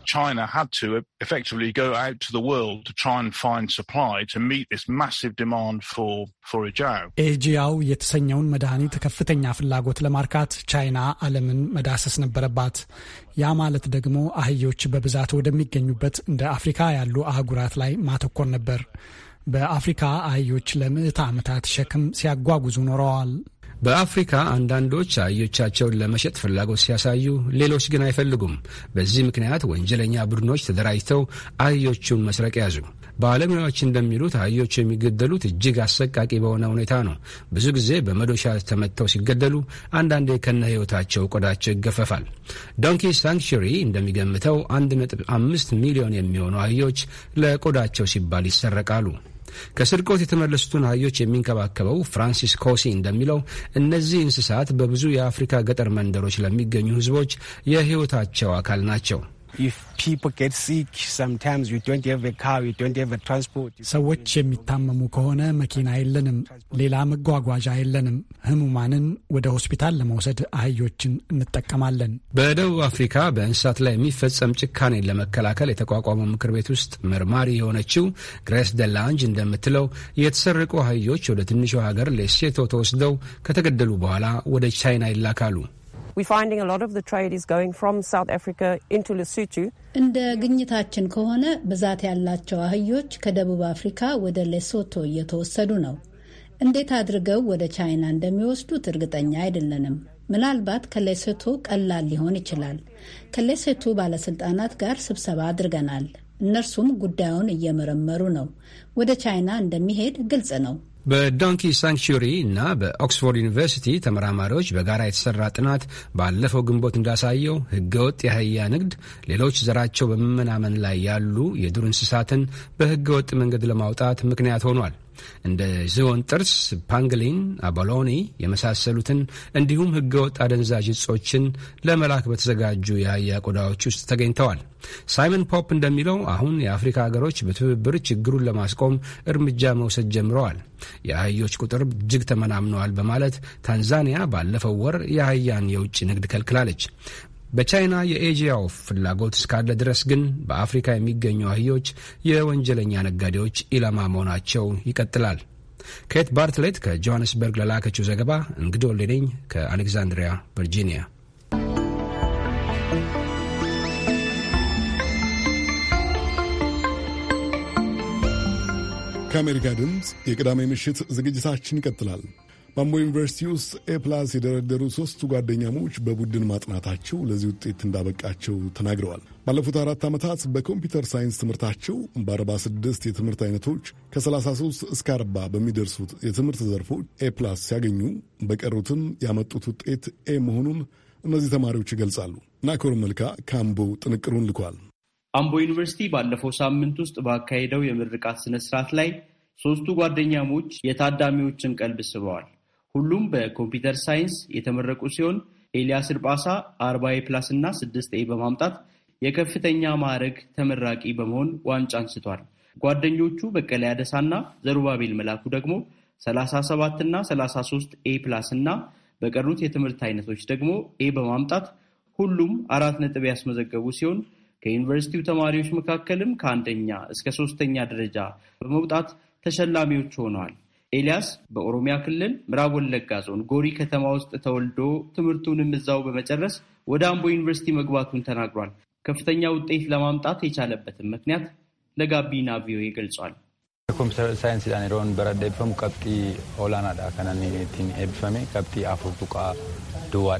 ኤጂያው የተሰኘውን መድኃኒት ከፍተኛ ፍላጎት ለማርካት ቻይና ዓለምን መዳሰስ ነበረባት። ያ ማለት ደግሞ አህዮች በብዛት ወደሚገኙበት እንደ አፍሪካ ያሉ አህጉራት ላይ ማተኮር ነበር። በአፍሪካ አህዮች ለምዕት ዓመታት ሸክም ሲያጓጉዙ ኖረዋል። በአፍሪካ አንዳንዶች አህዮቻቸውን ለመሸጥ ፍላጎት ሲያሳዩ፣ ሌሎች ግን አይፈልጉም። በዚህ ምክንያት ወንጀለኛ ቡድኖች ተደራጅተው አህዮቹን መስረቅ ያዙ። ባለሙያዎች እንደሚሉት አህዮች የሚገደሉት እጅግ አሰቃቂ በሆነ ሁኔታ ነው። ብዙ ጊዜ በመዶሻ ተመተው ሲገደሉ፣ አንዳንዴ ከነ ህይወታቸው ቆዳቸው ይገፈፋል። ዶንኪ ሳንክቹሪ እንደሚገምተው 1.5 ሚሊዮን የሚሆኑ አህዮች ለቆዳቸው ሲባል ይሰረቃሉ። ከስርቆት የተመለሱትን አህዮች የሚንከባከበው ፍራንሲስ ኮሲ እንደሚለው እነዚህ እንስሳት በብዙ የአፍሪካ ገጠር መንደሮች ለሚገኙ ህዝቦች የህይወታቸው አካል ናቸው። ሰዎች የሚታመሙ ከሆነ መኪና የለንም፣ ሌላ መጓጓዣ የለንም። ህሙማንን ወደ ሆስፒታል ለመውሰድ አህዮችን እንጠቀማለን። በደቡብ አፍሪካ በእንስሳት ላይ የሚፈጸም ጭካኔን ለመከላከል የተቋቋመው ምክር ቤት ውስጥ መርማሪ የሆነችው ግሬስ ደላንጅ እንደምትለው የተሰረቁ አህዮች ወደ ትንሿ ሀገር ሌሴቶ ተወስደው ከተገደሉ በኋላ ወደ ቻይና ይላካሉ። We're finding a lot of the trade is going from South Africa into Lesotho. እንደ ግኝታችን ከሆነ ብዛት ያላቸው አህዮች ከደቡብ አፍሪካ ወደ ሌሶቶ እየተወሰዱ ነው። እንዴት አድርገው ወደ ቻይና እንደሚወስዱት እርግጠኛ አይደለንም። ምናልባት ከሌሶቶ ቀላል ሊሆን ይችላል። ከሌሶቶ ባለስልጣናት ጋር ስብሰባ አድርገናል። እነርሱም ጉዳዩን እየመረመሩ ነው። ወደ ቻይና እንደሚሄድ ግልጽ ነው። በዶንኪ ሳንክቹሪ እና በኦክስፎርድ ዩኒቨርሲቲ ተመራማሪዎች በጋራ የተሰራ ጥናት ባለፈው ግንቦት እንዳሳየው ህገወጥ የአህያ ንግድ ሌሎች ዘራቸው በመመናመን ላይ ያሉ የዱር እንስሳትን በህገወጥ መንገድ ለማውጣት ምክንያት ሆኗል። እንደ ዝሆን ጥርስ፣ ፓንግሊን፣ አቦሎኒ የመሳሰሉትን እንዲሁም ህገወጥ አደንዛዥ እጾችን ለመላክ በተዘጋጁ የአህያ ቆዳዎች ውስጥ ተገኝተዋል። ሳይመን ፖፕ እንደሚለው አሁን የአፍሪካ ሀገሮች በትብብር ችግሩን ለማስቆም እርምጃ መውሰድ ጀምረዋል። የአህዮች ቁጥር እጅግ ተመናምነዋል በማለት ታንዛኒያ ባለፈው ወር የአህያን የውጭ ንግድ ከልክላለች። በቻይና የኤጂያው ፍላጎት እስካለ ድረስ ግን በአፍሪካ የሚገኙ አህዮች የወንጀለኛ ነጋዴዎች ኢላማ መሆናቸው ይቀጥላል። ኬት ባርትሌት ከጆሃንስበርግ ለላከችው ዘገባ እንግዶ ሌነኝ ከአሌክዛንድሪያ ቨርጂኒያ። ከአሜሪካ ድምፅ የቅዳሜ ምሽት ዝግጅታችን ይቀጥላል። ማምቦ ዩኒቨርሲቲ ውስጥ ኤፕላስ የደረደሩ ሶስቱ ጓደኛሞች በቡድን ማጥናታቸው ለዚህ ውጤት እንዳበቃቸው ተናግረዋል። ባለፉት አራት ዓመታት በኮምፒውተር ሳይንስ ትምህርታቸው በ46 የትምህርት አይነቶች ከ33 እስከ 40 በሚደርሱት የትምህርት ዘርፎች ኤፕላስ ሲያገኙ በቀሩትም ያመጡት ውጤት ኤ መሆኑን እነዚህ ተማሪዎች ይገልጻሉ። ናኮር መልካ ከአምቦ ጥንቅሩን ልኳል። አምቦ ዩኒቨርሲቲ ባለፈው ሳምንት ውስጥ ባካሄደው የምርቃት ስነስርዓት ላይ ሶስቱ ጓደኛሞች የታዳሚዎችን ቀልብ ስበዋል። ሁሉም በኮምፒውተር ሳይንስ የተመረቁ ሲሆን ኤልያስ እርጳሳ አርባ ኤ ፕላስ እና ስድስት ኤ በማምጣት የከፍተኛ ማዕረግ ተመራቂ በመሆን ዋንጫ አንስቷል። ጓደኞቹ በቀለ ያደሳና ዘሩባቤል መላኩ ደግሞ 37 እና 33 ኤ ፕላስ እና በቀሩት የትምህርት አይነቶች ደግሞ ኤ በማምጣት ሁሉም አራት ነጥብ ያስመዘገቡ ሲሆን ከዩኒቨርሲቲው ተማሪዎች መካከልም ከአንደኛ እስከ ሶስተኛ ደረጃ በመውጣት ተሸላሚዎች ሆነዋል። ኤልያስ በኦሮሚያ ክልል ምዕራብ ወለጋ ዞን ጎሪ ከተማ ውስጥ ተወልዶ ትምህርቱንም እዛው በመጨረስ ወደ አምቦ ዩኒቨርሲቲ መግባቱን ተናግሯል። ከፍተኛ ውጤት ለማምጣት የቻለበትን ምክንያት ለጋቢና ቪኦኤ ገልጿል። ኮምፒተር ሳይንስ ዳኔሮን በረዳ ኤብፈሙ ቀብጢ ኦላናዳ ከናን ቲን ኤብፈሜ ቀብጢ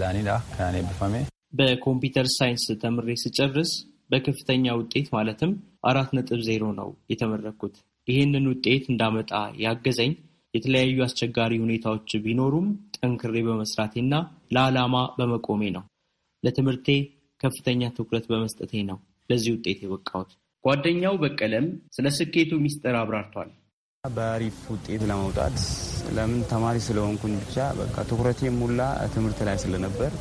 ዳኒ ዳ ከናን ኤብፈሜ በኮምፒውተር ሳይንስ ተምሬ ስጨርስ በከፍተኛ ውጤት ማለትም አራት ነጥብ ዜሮ ነው የተመረኩት። ይህንን ውጤት እንዳመጣ ያገዘኝ የተለያዩ አስቸጋሪ ሁኔታዎች ቢኖሩም ጠንክሬ በመስራቴና ለዓላማ በመቆሜ ነው። ለትምህርቴ ከፍተኛ ትኩረት በመስጠቴ ነው ለዚህ ውጤት የበቃሁት። ጓደኛው በቀለም ስለ ስኬቱ ሚስጥር አብራርቷል። በአሪፍ ውጤት ለመውጣት ለምን ተማሪ ስለሆንኩኝ ብቻ በቃ ትኩረቴ ሙላ ትምህርት ላይ ስለነበር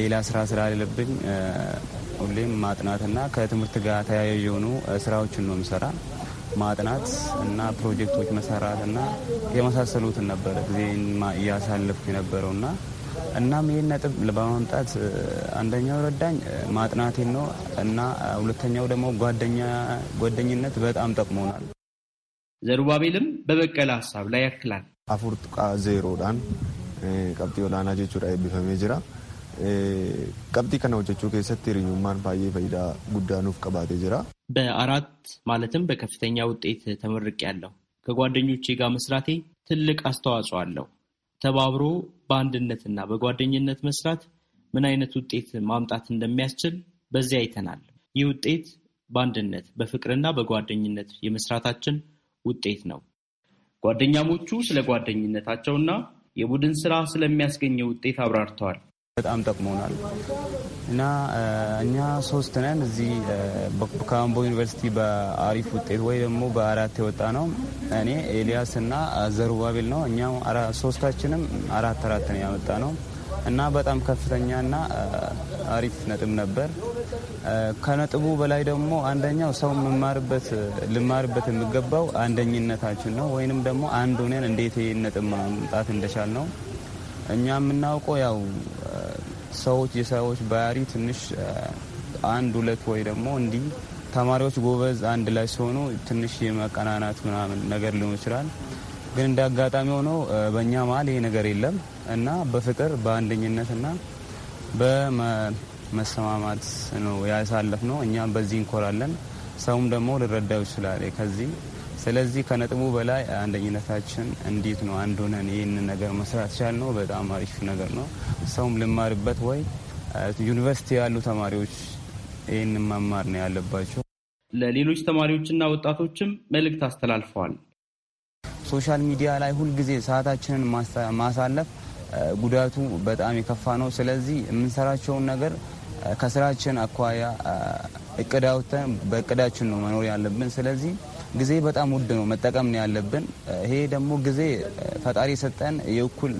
ሌላ ስራ ስላለብኝ ሁሌም ማጥናትና ከትምህርት ጋር ተያያዥ የሆኑ ስራዎችን ነው የምሰራ ማጥናት እና ፕሮጀክቶች መሰራት እና የመሳሰሉትን ነበረ ጊዜ እያሳለፍኩ የነበረው እና እናም ይህን ነጥብ በማምጣት አንደኛው ረዳኝ ማጥናቴ ነው እና ሁለተኛው ደግሞ ጓደኝነት በጣም ጠቅሞናል። ዘሩባቤልም በበቀለ ሀሳብ ላይ ያክላል። አፉርጥቃ አፉርቃ ዜሮዳን ቀብጢ ወዳና ጀቹ ቢፈሜ ጅራ ቀብጢ ከነ ሆጀቹ ከሰት hiriyummaan baay'ee ፈይዳ guddaa nuuf qabaatee በአራት ማለትም በከፍተኛ ውጤት ተመርቅ ያለው ከጓደኞቼ ጋር መስራቴ ትልቅ አስተዋጽኦ አለው። ተባብሮ በአንድነትና በጓደኝነት መስራት ምን አይነት ውጤት ማምጣት እንደሚያስችል በዚያ አይተናል። ይህ ውጤት በአንድነት በፍቅርና በጓደኝነት የመስራታችን ውጤት ነው። ጓደኛሞቹ ስለ ጓደኝነታቸውና የቡድን ስራ ስለሚያስገኘው ውጤት አብራርተዋል። በጣም ጠቅሞናል እና እኛ ሶስት ነን እዚህ ከአምቦ ዩኒቨርሲቲ በአሪፍ ውጤት ወይ ደግሞ በአራት የወጣ ነው። እኔ ኤልያስ እና ዘሩባቤል ነው። እኛ ሶስታችንም አራት አራት ነው ያመጣ ነው እና በጣም ከፍተኛ እና አሪፍ ነጥብ ነበር። ከነጥቡ በላይ ደግሞ አንደኛው ሰው የምማርበት ልማርበት የሚገባው አንደኝነታችን ነው ወይንም ደግሞ አንድ ነን እንዴት ነጥብ ማምጣት እንደቻል ነው። እኛ የምናውቀው ያው ሰዎች የሰዎች ባህሪ ትንሽ አንድ ሁለት ወይ ደግሞ እንዲህ ተማሪዎች ጎበዝ አንድ ላይ ሲሆኑ ትንሽ የመቀናናት ምናምን ነገር ሊሆን ይችላል። ግን እንደ አጋጣሚ ሆኖ በእኛ መሀል ይሄ ነገር የለም እና በፍቅር በአንደኝነት እና በመሰማማት ነው ያሳለፍ ነው። እኛም በዚህ እንኮራለን። ሰውም ደግሞ ልረዳው ይችላል ከዚህ ስለዚህ ከነጥቡ በላይ አንደኝነታችን እንዴት ነው አንድ ሆነን ይህንን ነገር መስራት ቻል ነው። በጣም አሪፍ ነገር ነው። ሰውም ልማርበት ወይ ዩኒቨርሲቲ ያሉ ተማሪዎች ይህንን መማር ነው ያለባቸው። ለሌሎች ተማሪዎችና ወጣቶችም መልእክት አስተላልፈዋል። ሶሻል ሚዲያ ላይ ሁልጊዜ ሰዓታችንን ማሳለፍ ጉዳቱ በጣም የከፋ ነው። ስለዚህ የምንሰራቸውን ነገር ከስራችን አኳያ እቅድ አውጥተን በእቅዳችን ነው መኖር ያለብን። ስለዚህ ጊዜ በጣም ውድ ነው፣ መጠቀም ነው ያለብን። ይሄ ደግሞ ጊዜ ፈጣሪ የሰጠን የእኩል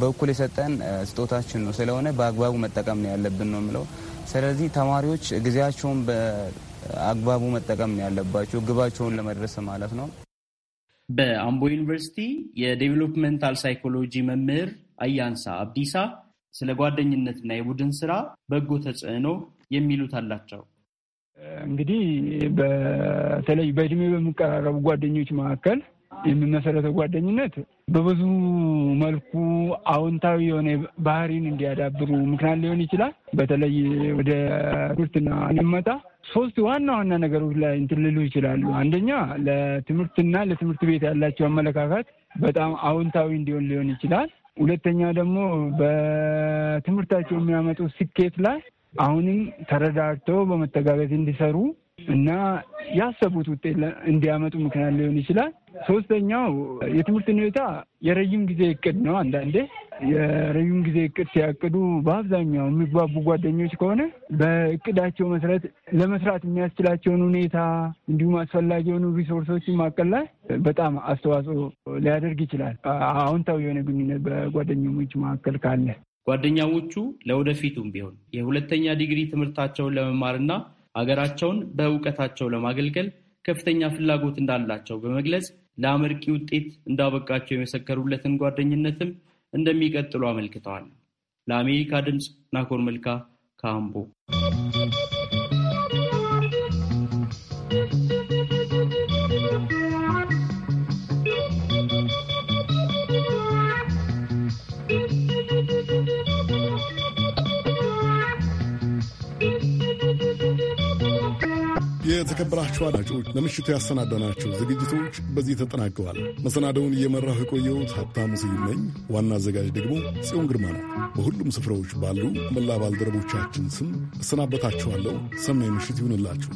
በእኩል የሰጠን ስጦታችን ነው። ስለሆነ በአግባቡ መጠቀም ነው ያለብን ነው የምለው። ስለዚህ ተማሪዎች ጊዜያቸውን በአግባቡ መጠቀም ነው ያለባቸው፣ ግባቸውን ለመድረስ ማለት ነው። በአምቦ ዩኒቨርሲቲ የዴቨሎፕመንታል ሳይኮሎጂ መምህር አያንሳ አብዲሳ ስለ ጓደኝነትና የቡድን ስራ በጎ ተጽዕኖ የሚሉት አላቸው። እንግዲህ በተለይ በእድሜ በሚቀራረቡ ጓደኞች መካከል የሚመሰረተው ጓደኝነት በብዙ መልኩ አዎንታዊ የሆነ ባህሪን እንዲያዳብሩ ምክንያት ሊሆን ይችላል። በተለይ ወደ ትምህርትና እንመጣ ሶስት ዋና ዋና ነገሮች ላይ እንትን ይችላሉ። አንደኛ ለትምህርትና ለትምህርት ቤት ያላቸው አመለካከት በጣም አዎንታዊ እንዲሆን ሊሆን ይችላል። ሁለተኛ ደግሞ በትምህርታቸው የሚያመጡ ስኬት ላይ አሁንም ተረዳድተው በመተጋገት እንዲሰሩ እና ያሰቡት ውጤት እንዲያመጡ ምክንያት ሊሆን ይችላል። ሶስተኛው የትምህርት ሁኔታ የረዥም ጊዜ እቅድ ነው። አንዳንዴ የረዥም ጊዜ እቅድ ሲያቅዱ በአብዛኛው የሚግባቡ ጓደኞች ከሆነ በእቅዳቸው መሰረት ለመስራት የሚያስችላቸውን ሁኔታ እንዲሁም አስፈላጊ የሆኑ ሪሶርሶችን ማቀል ላይ በጣም አስተዋጽኦ ሊያደርግ ይችላል። አዎንታዊ የሆነ ግንኙነት በጓደኞች መካከል ካለ ጓደኛዎቹ ለወደፊቱም ቢሆን የሁለተኛ ዲግሪ ትምህርታቸውን ለመማርና አገራቸውን በእውቀታቸው ለማገልገል ከፍተኛ ፍላጎት እንዳላቸው በመግለጽ ለአመርቂ ውጤት እንዳበቃቸው የመሰከሩለትን ጓደኝነትም እንደሚቀጥሉ አመልክተዋል። ለአሜሪካ ድምፅ ናኮር መልካ ካምቦ የተከበራችሁ አድማጮች ለምሽቱ ያሰናዳናቸው ዝግጅቶች በዚህ ተጠናቀዋል። መሰናደውን እየመራሁ የቆየሁት ሀብታሙ ስዩም ነኝ። ዋና አዘጋጅ ደግሞ ጽዮን ግርማ ነው። በሁሉም ስፍራዎች ባሉ መላ ባልደረቦቻችን ስም እሰናበታችኋለሁ። ሰናይ ምሽት ይሁንላችሁ።